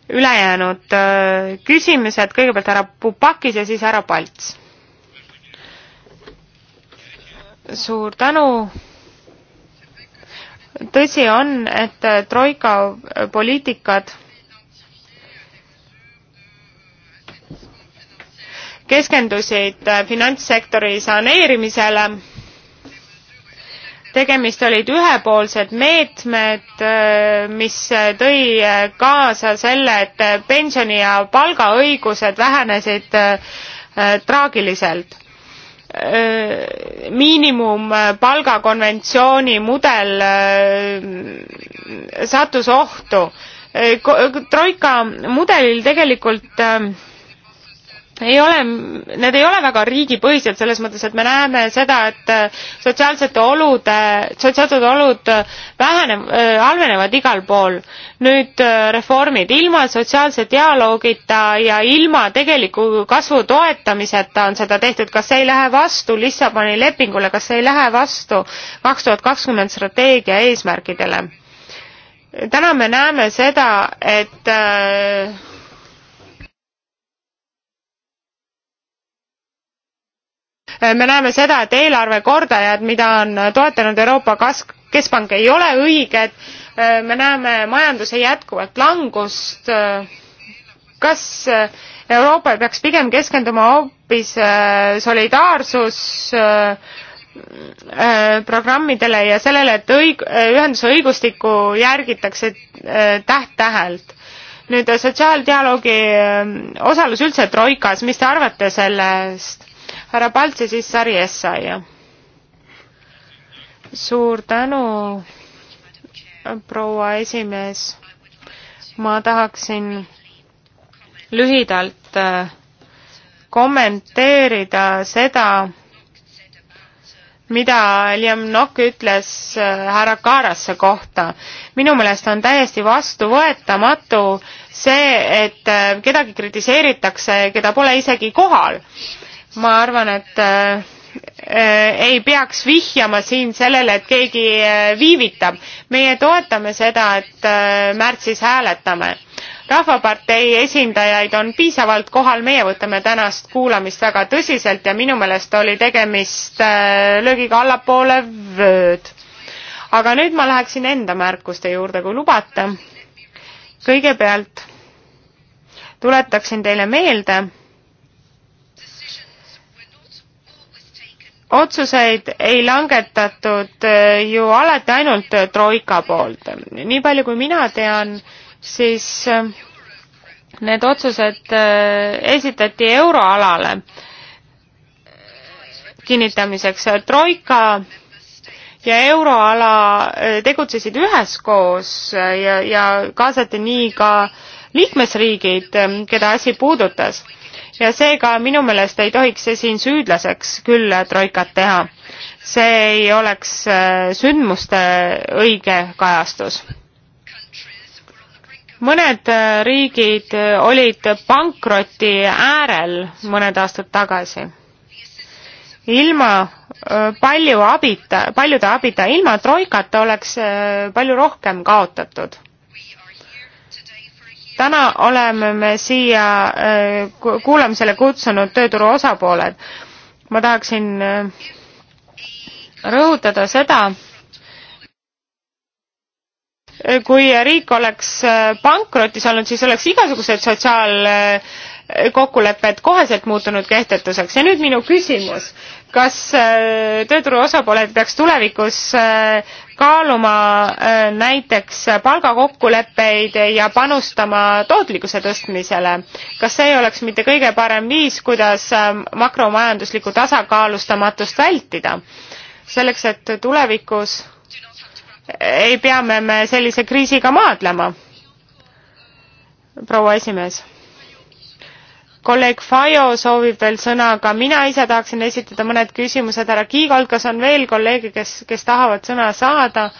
ülejäänud äh, küsimused, kõigepealt härra Pupakis ja siis härra Palts. suur tänu. tõsi on, et äh, troika äh, poliitikad keskendusid finantssektori saneerimisele tegemist olid ühepoolsed meetmed, äh, mis tõi äh, kaasa selle, et pensioni ja palgaõigused vähenesid äh, traagiliselt. miinimumpalga konventsiooni mudel sattus ohtu. troika mudelil tegelikult äh, ei ole, need ei ole väga riigipõhised selles mõttes, et me näeme seda, et äh, sotsiaalsete olude, sotsiaalsed olud äh, vähene, äh, halvenevad igal pool. nüüd reformid ilma sotsiaalse dialoogita ja ilma tegeliku kasvu toetamiseta on seda tehtud, kas see ei lähe vastu Lissaboni lepingule, kas see ei lähe vastu kaks tuhat kakskümmend strateegia eesmärkidele? täna me näeme seda, et äh, Äh, me näeme seda, et eelarvekordajad, mida on toetanud Euroopa kask-, keskpank, ei ole õiged, äh, me näeme majanduse jätkuvat langust, äh, kas Euroopa peaks pigem keskenduma hoopis solidaarsus programmidele ja sellele, et õig-, ühenduse õigustikku järgitakse täht-tähelt nüüd sotsiaaldialoogi osalus üldse Troikas, mis te arvate sellest? härra Palts ja siis Sari Essaia. suur tänu, proua esimees. ma tahaksin lühidalt äh, kommenteerida seda, mida Liam Nock ütles äh, härra Kaarasse kohta. minu meelest on täiesti vastuvõetamatu see, et äh, kedagi kritiseeritakse, keda pole isegi kohal ma arvan, et äh, ei peaks vihjama siin sellele, et keegi äh, viivitab. meie toetame seda, et äh, märtsis hääletame. rahvapartei esindajaid on piisavalt kohal, meie võtame tänast kuulamist väga tõsiselt ja minu meelest oli tegemist äh, löögiga allapoole vööd. aga nüüd ma läheksin enda märkuste juurde, kui lubate. kõigepealt tuletaksin teile meelde otsuseid ei langetatud äh, ju alati ainult äh, Troika poolt. nii palju kui mina tean, siis äh, need otsused esitati euroalale kinnitamiseks. Troika ja euroala tegutsesid üheskoos ja, ja kaasati nii ka liikmesriigid, keda asi puudutas ja seega minu meelest ei tohiks see siin süüdlaseks küll troikat teha. see ei oleks äh, sündmuste õige kajastus. mõned äh, riigid äh, olid pankroti äärel mõned aastad tagasi ilma palju abita, paljude abita, ilma troikata oleks palju rohkem kaotatud täna oleme me siia äh, kuulamisele kutsunud tööturu osapooled. ma tahaksin äh, rõhutada seda, äh, kui riik oleks pankrotis olnud, siis oleks igasugused sotsiaalkokkulepped koheselt muutunud kehtetuseks ja nüüd minu küsimus, kas tööturu osapooled peaks tulevikus kaaluma äh, näiteks palgakokkuleppeid ja panustama tootlikkuse tõstmisele. kas see ei oleks mitte kõige parem viis, kuidas ähm, makromajanduslikku tasakaalustamatust vältida? selleks, et tulevikus ei pea me sellise kriisiga maadlema. proua esimees kolleeg Fajo soovib veel sõna, aga mina ise tahaksin esitada mõned küsimused. härra Kiigold, kas on veel kolleege, kes, kes tahavad sõna saada?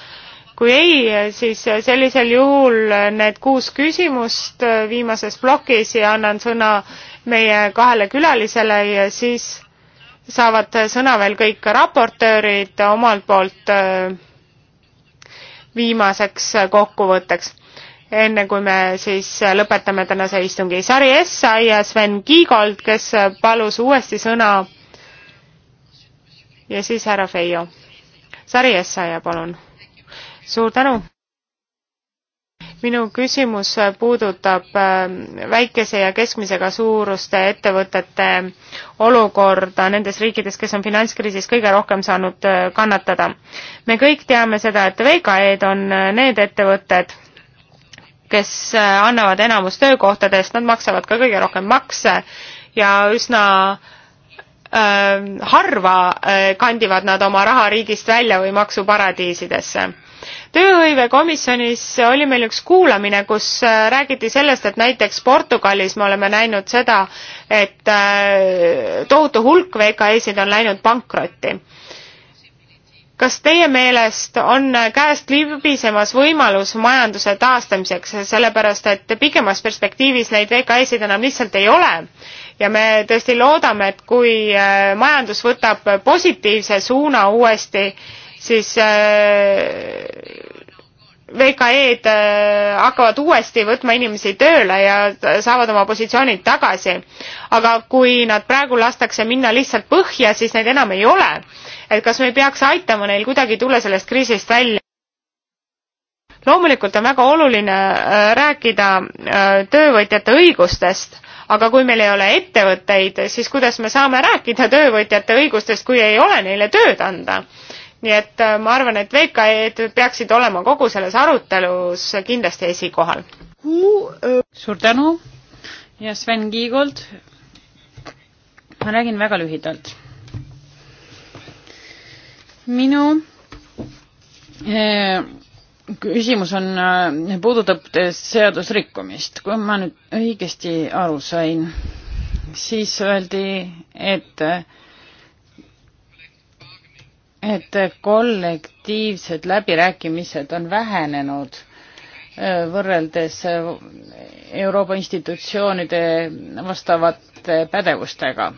kui ei, siis sellisel juhul need kuus küsimust viimases plokis ja annan sõna meie kahele külalisele ja siis saavad sõna veel kõik raportöörid omalt poolt viimaseks kokkuvõtteks enne kui me siis lõpetame tänase istungi. Sari Essa ja Sven Kiigold, kes palus uuesti sõna. ja siis härra Feijo. Sari Essa ja palun. suur tänu. minu küsimus puudutab äh, väikese ja keskmisega suuruste ettevõtete olukorda nendes riikides, kes on finantskriisis kõige rohkem saanud äh, kannatada. me kõik teame seda, et VKE-d on äh, need ettevõtted kes äh, annavad enamus töökohtadest, nad maksavad ka kõige rohkem makse ja üsna äh, harva äh, kandivad nad oma raha riigist välja või maksuparadiisidesse tööhõivekomisjonis oli meil üks kuulamine, kus äh, räägiti sellest, et näiteks Portugalis me oleme näinud seda, et äh, tohutu hulk VKE-sid on läinud pankrotti kas teie meelest on käest libisemas võimalus majanduse taastamiseks, sellepärast et pikemas perspektiivis neid VKS-id enam lihtsalt ei ole ja me tõesti loodame, et kui äh, majandus võtab positiivse suuna uuesti, siis äh, VKE-d äh, hakkavad uuesti võtma inimesi tööle ja saavad oma positsioonid tagasi. aga kui nad praegu lastakse minna lihtsalt põhja, siis neid enam ei ole. et kas me ei peaks aitama neil kuidagi tulla sellest kriisist välja? loomulikult on väga oluline äh, rääkida äh, töövõtjate õigustest, aga kui meil ei ole ettevõtteid, siis kuidas me saame rääkida töövõtjate õigustest, kui ei ole neile tööd anda? nii et äh, ma arvan, et VKE-d peaksid olema kogu selles arutelus kindlasti esikohal. suur tänu ja Sven Kiigolt. ma räägin väga lühidalt. minu äh, küsimus on, äh, puudutab seadusrikkumist. kui ma nüüd õigesti aru sain, siis öeldi, et et kollektiivsed läbirääkimised on vähenenud äh, võrreldes äh, Euroopa institutsioonide vastavate pädevustega.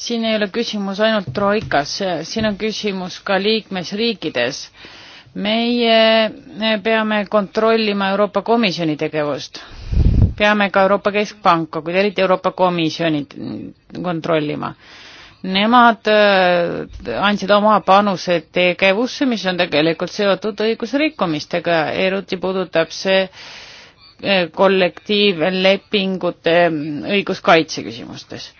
siin ei ole küsimus ainult Troikas, siin on küsimus ka liikmesriikides. meie äh, peame kontrollima Euroopa Komisjoni tegevust, peame ka Euroopa Keskpanka, kuid eriti Euroopa Komisjoni kontrollima Nemad äh, andsid oma panuse tegevusse, mis on tegelikult seotud õigusrikkumistega, eriti puudutab see äh, kollektiivlepingute mm, õiguskaitse küsimustes.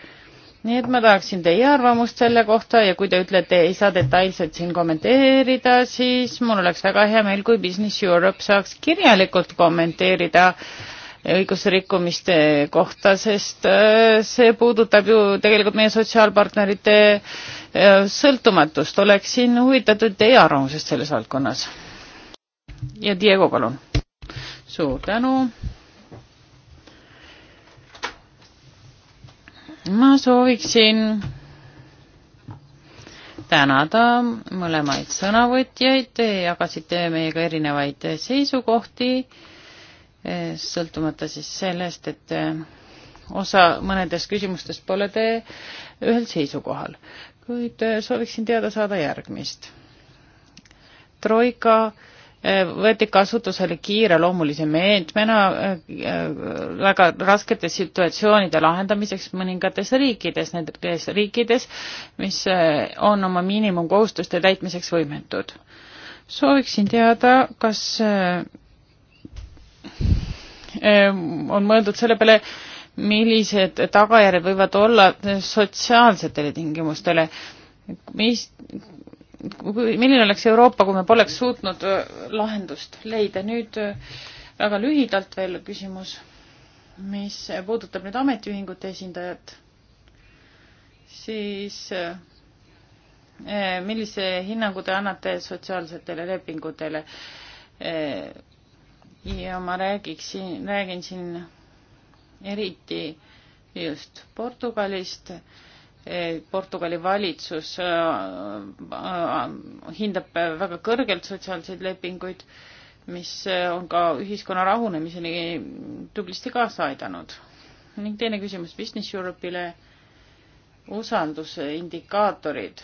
nii et ma tahaksin teie arvamust selle kohta ja kui te ütlete, ei saa detailselt siin kommenteerida, siis mul oleks väga hea meel, kui Business Europe saaks kirjalikult kommenteerida äh, õigusrikkumiste kohta, sest äh, see puudutab ju tegelikult meie sotsiaalpartnerite äh, sõltumatust. oleksin huvitatud teie arvamusest selles valdkonnas. ja Diego, palun. suur tänu. ma sooviksin tänada mõlemaid sõnavõtjaid, te jagasite meiega erinevaid seisukohti sõltumata siis sellest, et eh, osa mõnedes küsimustes pole te ühel seisukohal, kuid eh, sooviksin teada saada järgmist. troika eh, võeti kasutusele kiireloomulise meetmena väga raskete situatsioonide lahendamiseks mõningates riikides, nendes riikides, mis on oma miinimumkohustuste täitmiseks võimetud. sooviksin teada, kas Ehm, on mõeldud selle peale, millised tagajärjed võivad olla sotsiaalsetele tingimustele. mis, milline oleks Euroopa, kui me poleks suutnud äh, lahendust leida? nüüd äh, väga lühidalt veel küsimus, mis puudutab nüüd ametiühingute esindajat, siis äh, millise hinnangu te annate sotsiaalsetele lepingutele? ja ma räägiksin, räägin siin eriti just Portugalist. Portugali valitsus äh, äh, hindab väga kõrgelt sotsiaalseid lepinguid, mis äh, on ka ühiskonna rahunemiseni tublisti kaasa aidanud. ning teine küsimus Business Europe'ile, usalduse indikaatorid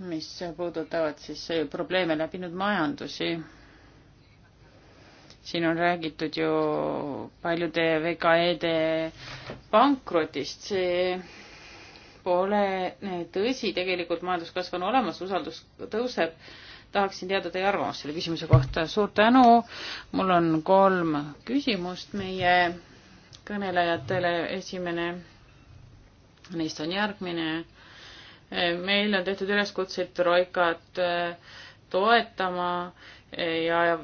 mis puudutavad siis äh, probleeme läbinud majandusi. siin on räägitud ju paljude VKE-de pankrotist, see pole äh, tõsi, tegelikult majanduskasv on olemas, usaldus tõuseb. tahaksin teada teie arvamust selle küsimuse kohta, suur tänu. mul on kolm küsimust meie kõnelejatele, esimene neist on järgmine meil on tehtud üleskutseid Troikat äh, toetama ja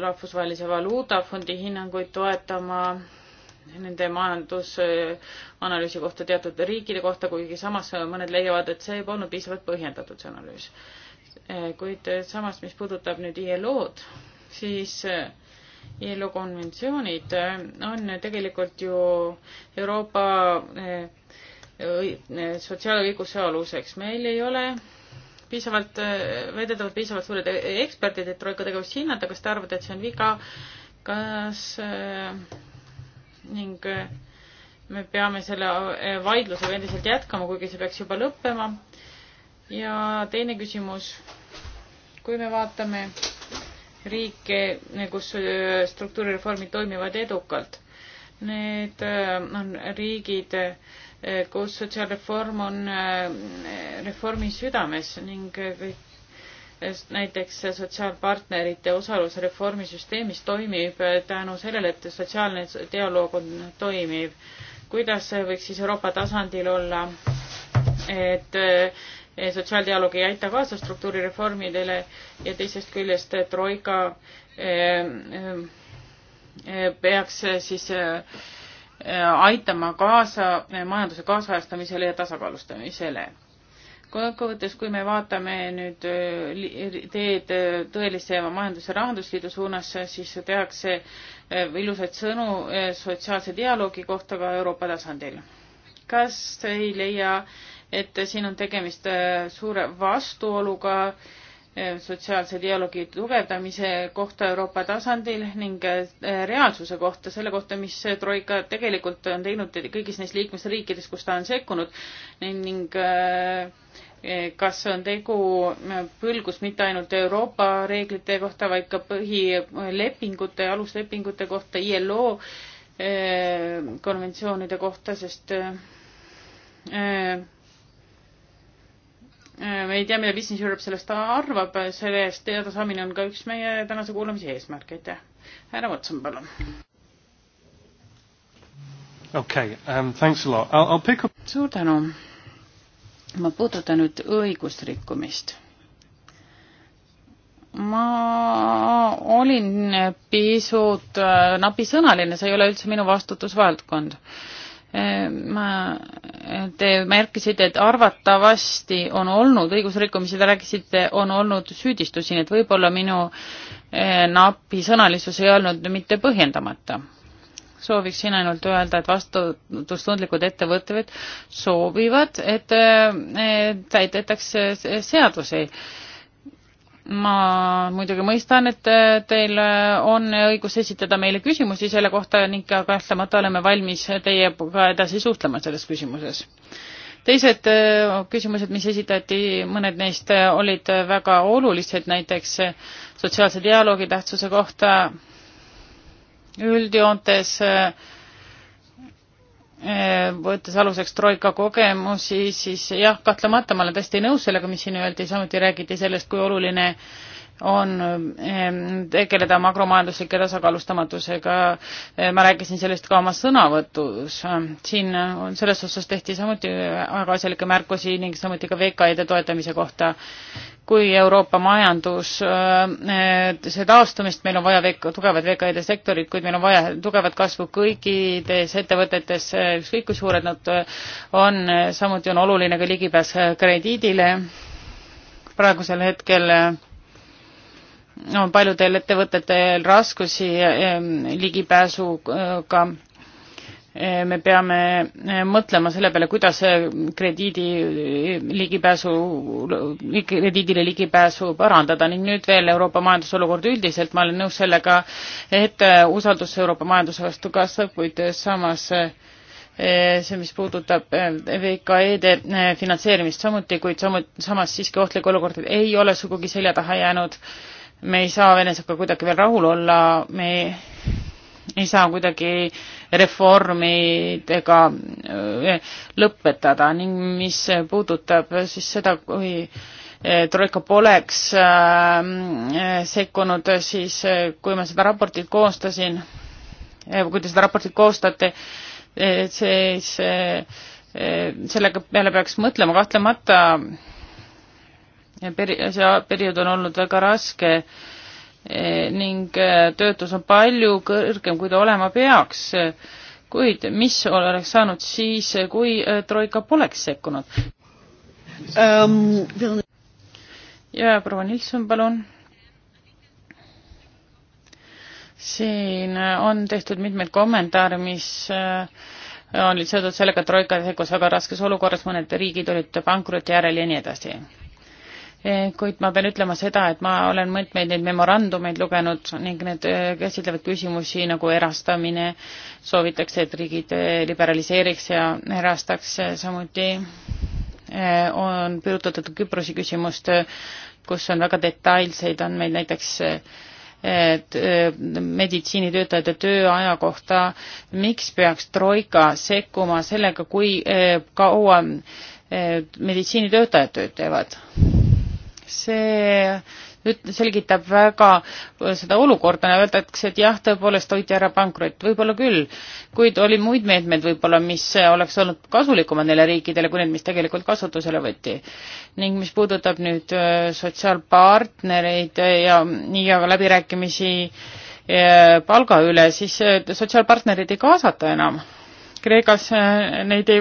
Rahvusvahelise Valuutafondi hinnanguid toetama nende majandusanalüüsi kohta teatud riikide kohta, kuigi samas mõned leiavad, et see polnud piisavalt põhjendatud, see analüüs. Äh, kuid samas, mis puudutab nüüd ILO-d, siis äh, ILO konventsioonid on tegelikult ju Euroopa sotsiaalõiguse aluseks. meil ei ole piisavalt, äh, väidetavalt piisavalt suured e-, eksperdid, et troika tegevust hinnata, kas te arvate, et see on viga, kas äh, ning äh, me peame selle vaidlusega endiselt jätkama, kuigi see peaks juba lõppema. ja teine küsimus, kui me vaatame riike, kus struktuurireformid toimivad edukalt, need on riigid, Eh, kus sotsiaalreform on eh, reformi südames ning eh, kõik näiteks sotsiaalpartnerite osalus reformisüsteemis toimib tänu sellele, et sotsiaalne dialoog on toimiv. kuidas võiks siis Euroopa tasandil olla, et sotsiaaldialoog ei aita kaasa struktuurireformidele ja teisest küljest Troika peaks siis Äh, aitama kaasa äh, majanduse kaasajastamisele ja tasakaalustamisele. kokkuvõttes, kui me vaatame nüüd äh, teed tõelise majanduse rahandusliidu suunas, siis tehakse ilusaid sõnu sotsiaalse dialoogi kohta ka Euroopa tasandil. kas ei leia, et siin on tegemist suure vastuoluga äh, sotsiaalse dialoogi tugevdamise kohta Euroopa tasandil ning eh, reaalsuse kohta, selle kohta, mis Troika tegelikult on teinud kõigis neis liikmesriikides, kus ta on sekkunud ning eh, eh, kas on tegu põlgus mitte ainult Euroopa reeglite kohta, vaid ka põhilepingute, aluslepingute kohta, ILO konventsioonide kohta, sest Äh, me ei tea, mida Business Europe sellest arvab, selle eest teadasaamine on ka üks meie tänase kuulamise eesmärk, aitäh. härra Watson, palun. okei okay, um,, thanks a lot, I will pick up. suur tänu. ma puudutan nüüd õigusrikkumist. ma olin pisut äh, napisõnaline, see ei ole üldse minu vastutusvaldkond Ehm, ma, te märkisite, et arvatavasti on olnud õigusrikkumisi, te rääkisite, on olnud süüdistusi, nii et võib-olla minu eh, napisõnalisus ei olnud mitte põhjendamata. sooviksin ainult öelda, et vastutustundlikud ettevõtted soovivad, et eh, eh, täidetakse seadusi ma muidugi mõistan, et äh, teil äh, on õigus esitada meile küsimusi selle kohta ning ka kahtlemata oleme valmis teiega edasi suhtlema selles küsimuses. teised äh, küsimused, mis esitati, mõned neist olid väga olulised, näiteks sotsiaalse dialoogi tähtsuse kohta üldjoontes äh, Äh, võttes aluseks Troika kogemusi, siis jah, kahtlemata ma olen täiesti nõus sellega, mis siin öeldi, samuti räägiti sellest, kui oluline on ehm, tegeleda makromajanduslike tasakaalustamatusega. Ehm, ma rääkisin sellest ka oma sõnavõtus. Ehm, siin on, selles osas tehti samuti väga äh, asjalikke märkusi ning samuti ka VKE-de toetamise kohta. kui Euroopa majandus, see taastumist, meil on vaja VK, tugevat VKE-de sektorit, kuid meil on vaja tugevat kasvu kõikides ettevõtetes, äh, ükskõik kui suured nad äh, on, samuti on oluline ka ligipääs krediidile. praegusel hetkel on paljudel ettevõtetel raskusi ehm, ligipääsuga. Ehm, me peame ehm, mõtlema selle peale, kuidas krediidi ligipääsu, krediidile ligipääsu parandada ning nüüd veel Euroopa majandusolukord üldiselt, ma olen nõus sellega, et usaldus Euroopa majanduse vastu kasvab, kuid samas see, mis puudutab VKE-de finantseerimist samuti, kuid samuti, samas siiski ohtlik olukord ei ole sugugi selja taha jäänud äh, me ei saa enesega kuidagi veel rahul olla, me ei saa kuidagi reformidega äh, lõpetada ning mis puudutab siis seda, kui äh, Troika poleks äh, sekkunud, siis kui ma seda raportit koostasin, kui te seda raportit koostate, siis sellega peale peaks mõtlema kahtlemata peri-, see periood on olnud väga raske e, ning e, töötus on palju kõrgem, kui ta olema peaks. kuid mis oleks saanud siis, kui e, Troika poleks sekkunud um,? ja proua Nilsson, palun. siin on tehtud mitmeid kommentaare, mis olid seotud sellega, et Troika sekkus väga raskes olukorras, mõned riigid olid pankroti järel ja nii edasi Eh, kuid ma pean ütlema seda, et ma olen mitmeid neid memorandumeid lugenud ning need eh, käsitlevad küsimusi nagu erastamine, soovitakse, et riigid eh, liberaliseeriks ja erastaks, samuti on pürutatud Küprose küsimust, kus on väga detailseid andmeid näiteks et meditsiinitöötajate tööaja kohta, miks peaks Troika sekkuma sellega, kui kaua meditsiinitöötajad tööd teevad? see üt-, selgitab väga seda olukorda, öeldakse, et jah, tõepoolest hoiti ära pankrot, võib-olla küll, kuid oli muid meetmeid võib-olla, mis oleks olnud kasulikumad neile riikidele kui need, mis tegelikult kasutusele võeti. ning mis puudutab nüüd äh, sotsiaalpartnereid ja nii ja läbirääkimisi äh, palga üle, siis äh, sotsiaalpartnereid ei kaasata enam Kreekas äh, neid ei,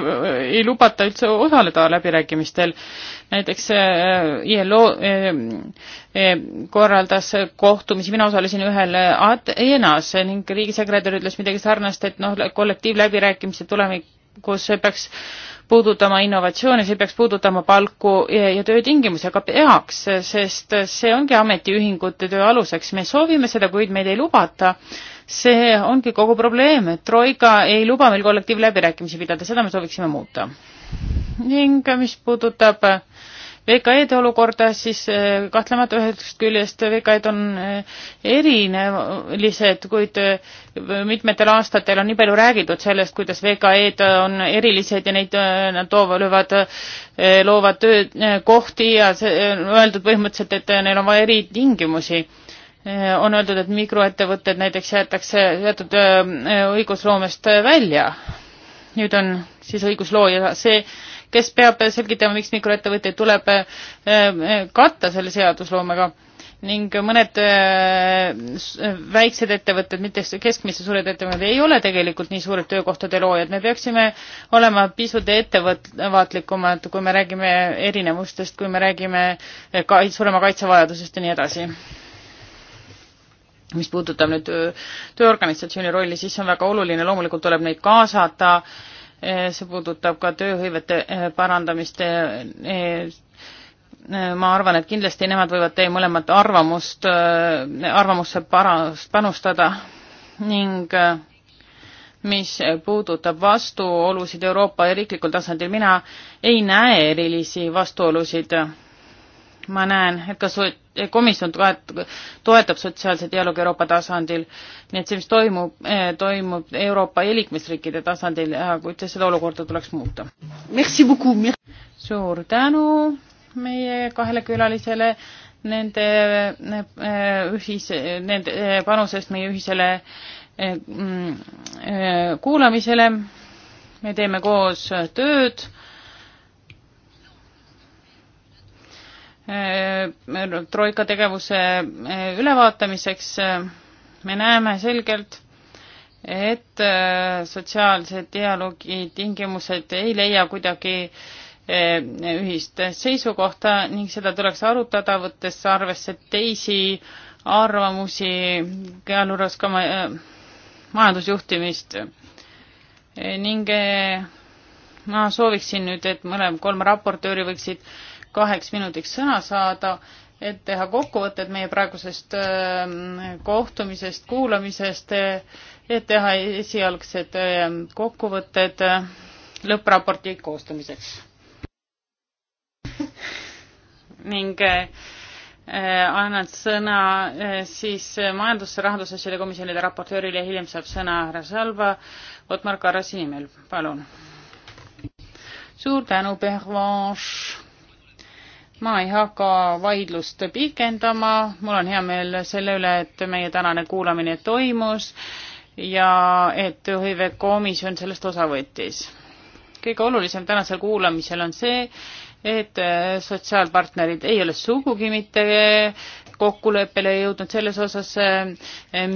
ei lubata üldse osaleda läbirääkimistel. näiteks äh, ILO äh, korraldas kohtumisi, mina osalesin ühel Ateenas ning riigisekretär ütles midagi sarnast, et noh, kollektiivläbirääkimise tulemikus peaks puudutama innovatsiooni, see peaks puudutama palku ja, ja töötingimusi, aga peaks, sest see ongi ametiühingute töö aluseks. me soovime seda, kuid meid ei lubata see ongi kogu probleem, et Troika ei luba meil kollektiivläbirääkimisi pidada, seda me sooviksime muuta. ning mis puudutab VKE-de olukorda, siis eh, kahtlemata ühest küljest VKE-d on eh, erinelised, kuid eh, mitmetel aastatel on nii palju räägitud sellest, kuidas VKE-d on erilised ja neid nad toovad, loovad töökohti ja see on öeldud põhimõtteliselt, et neil on vaja eritingimusi Eh, on öeldud, et mikroettevõtted näiteks jäetakse teatud eh, eh, õigusloomest välja. nüüd on siis õiguslooja see, kes peab selgitama, miks mikroettevõtteid tuleb katta selle seadusloomega ning mõned väiksed ettevõtted, mitte keskmise suured ettevõtted, ei ole tegelikult nii suured töökohtade loojad, me peaksime olema pisut ettevaatlikumad, kui me räägime erinevustest, kui me räägime ka suurema kaitsevajadusest ja nii edasi mis puudutab nüüd tööorganisatsiooni rolli, siis see on väga oluline, loomulikult tuleb neid kaasata, see puudutab ka tööhõivete e, parandamist, e, e, ma arvan, et kindlasti nemad võivad teie mõlemat arvamust, arvamusse para-, panustada ning mis puudutab vastuolusid Euroopa ja riiklikul tasandil, mina ei näe erilisi vastuolusid. ma näen, et ka komisjon toetab sotsiaalse dialoogi Euroopa tasandil, nii et see, mis toimub, eh, toimub Euroopa ja liikmesriikide tasandil, kuid seda olukorda tuleks muuta. suur tänu meie kahele külalisele nende eh, ühise, nende eh, panusest meie ühisele mm, kuulamisele. me teeme koos tööd Äh, troika tegevuse äh, ülevaatamiseks äh, me näeme selgelt, et sotsiaalse dialoogi tingimused ei leia kuidagi ühist seisukohta ning seda tuleks arutada, võttes arvesse teisi arvamusi, sealhulgas ka majandusjuhtimist. ning ma sooviksin nüüd, et mõlemad kolm raportööri võiksid kaheks minutiks sõna saada, et teha kokkuvõtted meie praegusest ähm, kohtumisest, kuulamisest, et teha esialgsed ähm, kokkuvõtted äh, lõppraporti koostamiseks. ning äh, äh, annan sõna siis majandus- ja rahandusasjade komisjonide raportöörile, hiljem saab sõna härra Salva Otmar Karasi nimel, palun. suur tänu, Pervanche ma ei hakka vaidlust pikendama, mul on hea meel selle üle, et meie tänane kuulamine toimus ja et hõivekomisjon sellest osa võttis. kõige olulisem tänasel kuulamisel on see, et sotsiaalpartnerid ei ole sugugi mitte kokkuleppele jõudnud selles osas,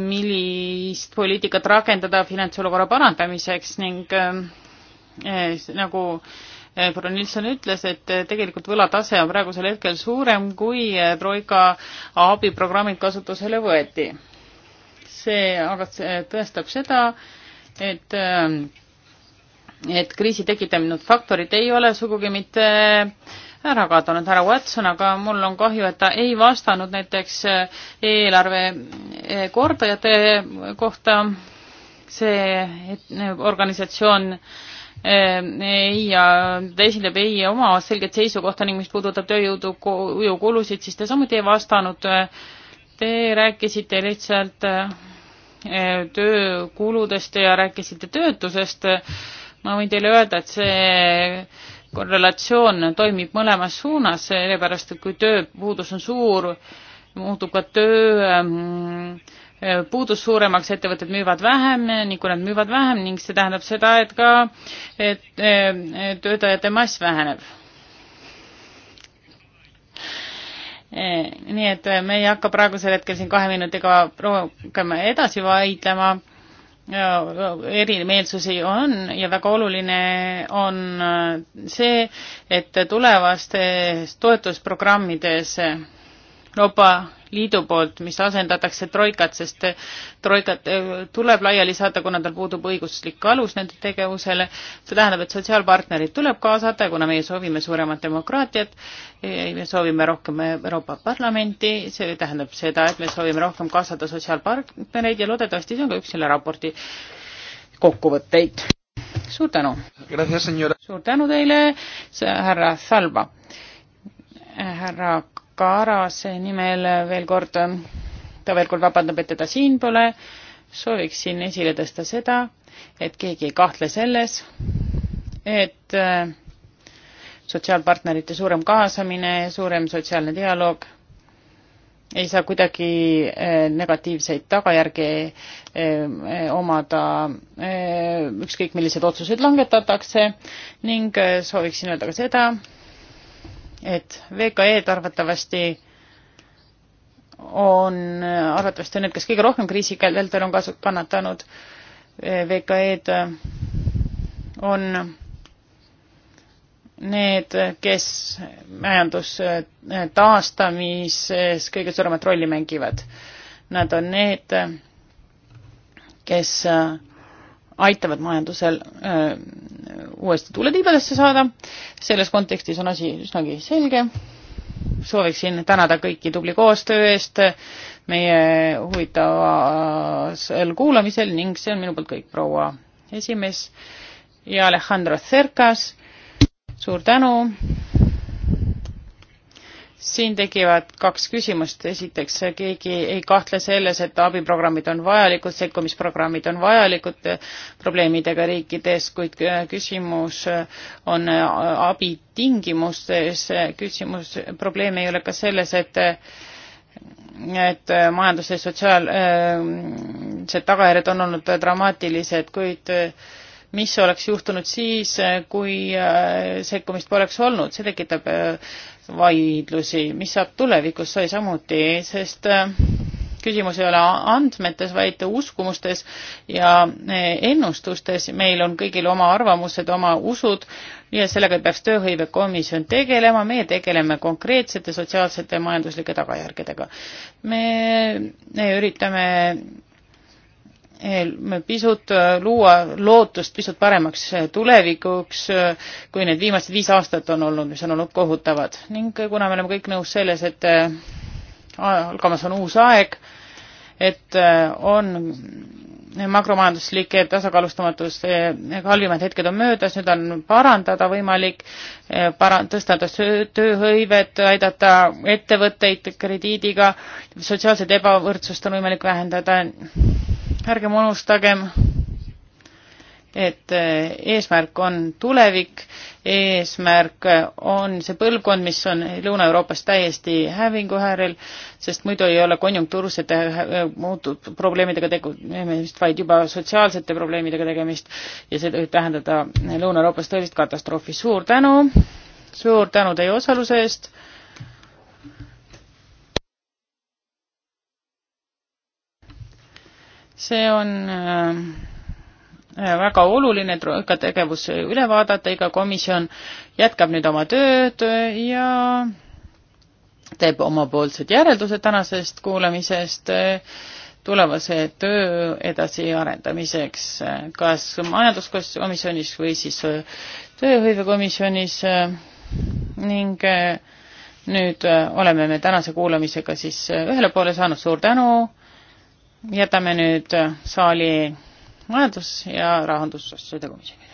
millist poliitikat rakendada finantsolukorra parandamiseks ning äh, nagu äh, Äh, proua Nilsson ütles, et äh, tegelikult võlatase on praegusel hetkel suurem, kui äh, Troika abiprogrammid kasutusele võeti. see aga tõestab seda, et et kriisi tekitanud faktorid ei ole sugugi mitte ära kadunud, härra Watson, aga mul on kahju, et ta ei vastanud näiteks eelarve kordajate kohta. see organisatsioon äh, ei, ta esindab ei oma selget seisukohta ning mis puudutab tööjõudu, kulusid, siis te samuti ei vastanud. Te rääkisite lihtsalt eh, töökuludest ja rääkisite töötusest. ma võin teile öelda, et see korrelatsioon toimib mõlemas suunas, sellepärast et kui tööpuudus on suur, muutub ka töö ähm, Äh, puudus suuremaks, ettevõtted müüvad vähem ning kui nad müüvad vähem ning see tähendab seda, et ka et, et äh, töötajate mass väheneb. Äh, nii et me ei hakka praegusel hetkel siin kahe minutiga rohkem edasi vaidlema. erimeelsusi on ja väga oluline on see, et tulevastes toetusprogrammides Euroopa Liidu poolt, mis asendatakse troikat, sest troikat äh, tuleb laiali saata, kuna tal puudub õiguslik alus nende tegevusele. see tähendab, et sotsiaalpartnerid tuleb kaasata ja kuna meie soovime suuremat demokraatiat, eh, me soovime rohkem Euroopa Parlamenti, see tähendab seda, et me soovime rohkem kaasata sotsiaalpartnereid ja loodetavasti see on ka üks selle raporti kokkuvõtteid. suur tänu! suur tänu teile, härra Salva! härra Karase nimel veel kord, ta veel kord vabandab, et teda siin pole, sooviksin esile tõsta seda, et keegi ei kahtle selles, et äh, sotsiaalpartnerite suurem kaasamine, suurem sotsiaalne dialoog ei saa kuidagi äh, negatiivseid tagajärgi äh, omada, ükskõik millised otsused langetatakse ning sooviksin öelda ka seda, et VKE-d arvatavasti on arvatavasti need, kes kõige rohkem kriisikäldel on kasu-, kannatanud. VKE-d on need, kes majandus taastamises kõige suuremat rolli mängivad. Nad on need, kes aitavad majandusel uuesti tuule tiibadesse saada. selles kontekstis on asi üsnagi selge. sooviksin tänada kõiki tubli koostöö eest meie huvitaval kuulamisel ning see on minu poolt kõik, proua esimees ja Alejandro Cercas. suur tänu siin tekivad kaks küsimust, esiteks keegi ei kahtle selles, et abiprogrammid on vajalikud, sekkumisprogrammid on vajalikud probleemidega riikides, kuid küsimus on abi tingimustes, küsimus, probleem ei ole ka selles, et et majanduse sotsiaalsed äh, tagajärjed on olnud dramaatilised, kuid öö, mis oleks juhtunud siis, kui äh, sekkumist poleks olnud, see tekitab äh, vaidlusi, mis saab tulevikus, sai samuti, sest äh, küsimus ei ole andmetes, vaid uskumustes ja ennustustes. meil on kõigil oma arvamused, oma usud ja sellega peaks tööhõivekomisjon tegelema. meie tegeleme konkreetsete sotsiaalsete ja majanduslike tagajärgedega. me üritame Eh, pisut eh, luua lootust pisut paremaks eh, tulevikuks, kui need viimased viis aastat on olnud, mis on olnud kohutavad. ning kuna me oleme kõik nõus selles, et algamas on uus aeg, et on makromajanduslike tasakaalustamatuste halvimad hetked on möödas, nüüd on parandada võimalik, para-, tõstada tööhõivet, aidata ettevõtteid krediidiga, sotsiaalset ebavõrdsust on võimalik vähendada ärgem unustagem, et eh, eesmärk on tulevik, eesmärk on see põlvkond, mis on Lõuna-Euroopas täiesti hävingu äärel, sest muidu ei ole konjunktuursete eh, muutub probleemidega tegemist, vaid juba sotsiaalsete probleemidega tegemist ja see võib tähendada Lõuna-Euroopas tõelist katastroofi. suur tänu, suur tänu teie osaluse eest see on äh, äh, väga oluline troika tegevus üle vaadata, iga komisjon jätkab nüüd oma tööd ja teeb omapoolsed järeldused tänasest kuulamisest äh, tulevase töö edasiarendamiseks, kas majanduskomisjonis või siis tööhõivekomisjonis ning nüüd oleme me tänase kuulamisega siis ühele poole saanud, suur tänu jätame nüüd saali majandus- ja rahandusasjade komisjonile.